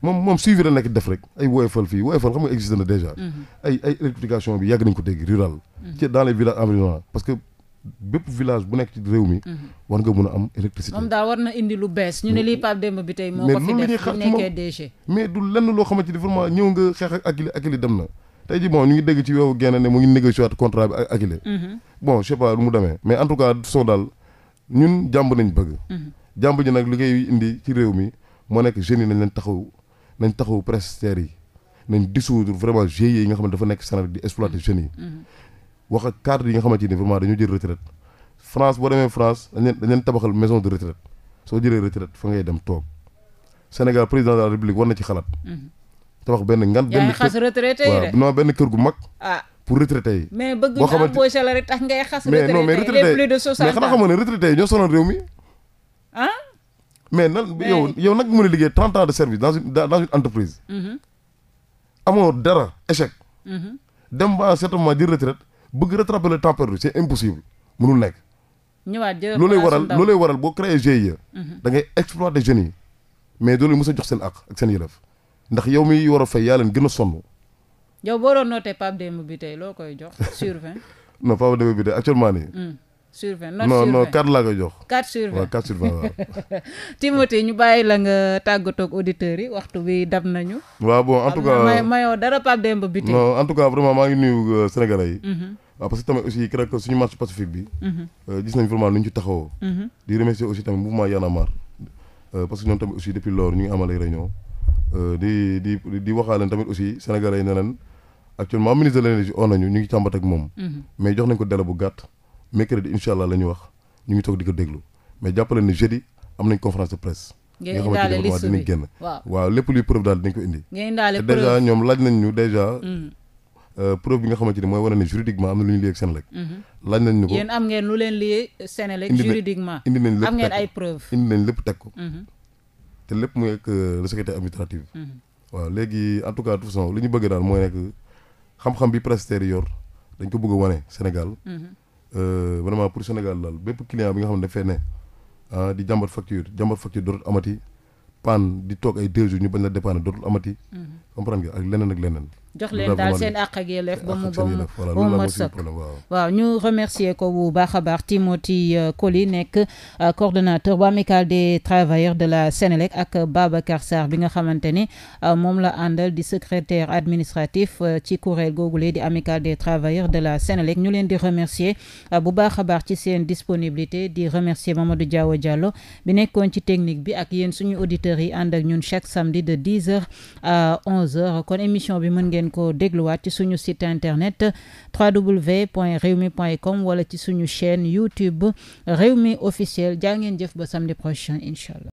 Speaker 2: moom moom suivi la nekk def rek ay woyofal fii woyofal xam nga existé na déjà mm-hmm. ay ay électrification bi yàgg nañ ko dégg rural mm-hmm. ci dans les villages environnants bépp village bu nekk ci réew mi. Mhm. war nga mun a am électricité.
Speaker 1: moom daal war na indi lu bees ñu ne lii Pape Demba bi tey moo ko fi def bu nekkee DG.
Speaker 2: mais du lenn loo xamante ni vraiment ñëw nga xeex ak Akilee Akilee dem na tey ji bon ñu ngi dégg ci weewu genn ne mu ngi négocié waat contrat bi ak Akilee. Mhm. bon je sais pas lu mu demee mais en tout cas soo daal ñun jàmb nañ bëgg. Mhm. jàmb ji nag li koy indi ci réew mi moo nekk jeunes yi nañ leen taxaw nañ taxaw prestataires yi nañ dissoudre vraiment GIE yi nga xam ne dafa nekk Sénégal di exploiter jeunes yi. wax ak cadre yi nga xamante ni vraiment dañ jël retraite France boo demee France dañ leen dañ leen tabaxal maison de retraite soo jëlee retraite fa ngay dem toog Sénégal président de la République war na ci xalaat. Mm-hmm. tabax benn ngan benn xas retraité benn kër gu mag. ah pour retraité yi. mais bëgg nga embauché
Speaker 1: la rek mais non mais retraité xamoon
Speaker 2: ne retraité yi ñoo sonal réew mi. ah. mais nan yow yow nag mën a liggéey 30 ans de service dans une dans une entreprise. Mm-hmm. amoo dara échec. Mm-hmm. dem ba à un certain moment di bëgg rattraper le temps perdu c'est impossible mënul nekk.
Speaker 1: ñëwaat jërëjëf loolay waral loolay
Speaker 2: waral boo créé GIE. Mhm. da ngay exploiter jeunes yi mais doo leen a jox seen àq ak seen yëlëf ndax yow mi war a fay yaa leen gën a sonn.
Speaker 1: yow boo doon noté Pape Demba bi tey loo koy jox sur 20.
Speaker 2: non Pape bi tey actuellement nii.
Speaker 1: Mm. sur 20 note non non 4 laa
Speaker 2: ko jox. 4 sur 20 waaw 4 sur 20 waaw.
Speaker 1: Timothée ñu bàyyi la nga tàggatoog auditeurs yi waxtu bi dab nañu.
Speaker 2: waaw bon en tout cas
Speaker 1: mayoo dara Pape Demba Bitèye. non
Speaker 2: en tout cas vraiment maa ngi nuyu euh, Sénégalais yi. Mhm. waaw parce que tamit aussi keroog suñu marche pacifique mhm. euh, nu ñu ci taxawoo. Mhm. di remercier aussi tamit mouvement Y en a marre. Euh, parce que ñoom tamit aussi depuis lors ñu ngi amal ay réunion di di di waxaale tamit aussi sénégalais yi ne leen actuellement ministre de mercredi incha allah la ñu wax ñu ngi toog di ko déglu mais jàppale ni jeudi am nañ conférence de presse. ngeen indaale liste génn waaw lépp luy preuve daal dinañ ko indi. ngeen indaale preuve ñoom laaj nañ ñu dèjà. Mm. Euh, preuve bi nga xamante ni mooy wane ne juridiquement am na lu ñu liyee ak Senelec. Mm-hmm. laaj nañ ñu ko yéen
Speaker 1: am ngeen lu leen liyee Senelec juridiquement. indi
Speaker 2: nañ lépp am ngeen ay preuve indi nañ lépp teg ko. Mm-hmm. te lépp muy ak euh, le secrétaire administratif. Mm-hmm. waaw léegi en tout cas de toute li ñu bëgg daal mooy nekk xam-xam bi prestataires yi dañ ko bëgg a wane Sénégal. Euh, vraiment pour Sénégal daal bépp client bi nga xam ne dafay ne ah, di jàmbat facture jàmbat facture dootul amati panne di toog ay deux jours ñu bañ la dépanner dootul amati. Mm-hmm. comprendre nga ak leneen ak leneen. jox leen daal seen
Speaker 1: àq ak yelleef ba mu ba mu
Speaker 2: ba mu sëkk
Speaker 1: waaw ñu remercier ko bu baax a baax Timothy euh, Coly nekk euh, coordonnateur bu amicale des travailleurs de la Sénélec ak Babacar Sarr bi nga xamante ni euh, moom la àndal di secrétaire administratif ci googu googule di amicale des travailleurs de la Sénélec ñu leen di remercier bu baax a baax ci seen disponibilité di remercier Mamadou Diaw Diallo bi nekkoon ci technique bi ak yéen suñu auditeurs yi ànd ak ñun chaque samedi de 10 heures ko dégluwaat ci suñu site internet www.rewmi.com wala ci suñu chaîne YouTube Rewmi officiel jaa ngeen jëf ba samedi prochain incha allah.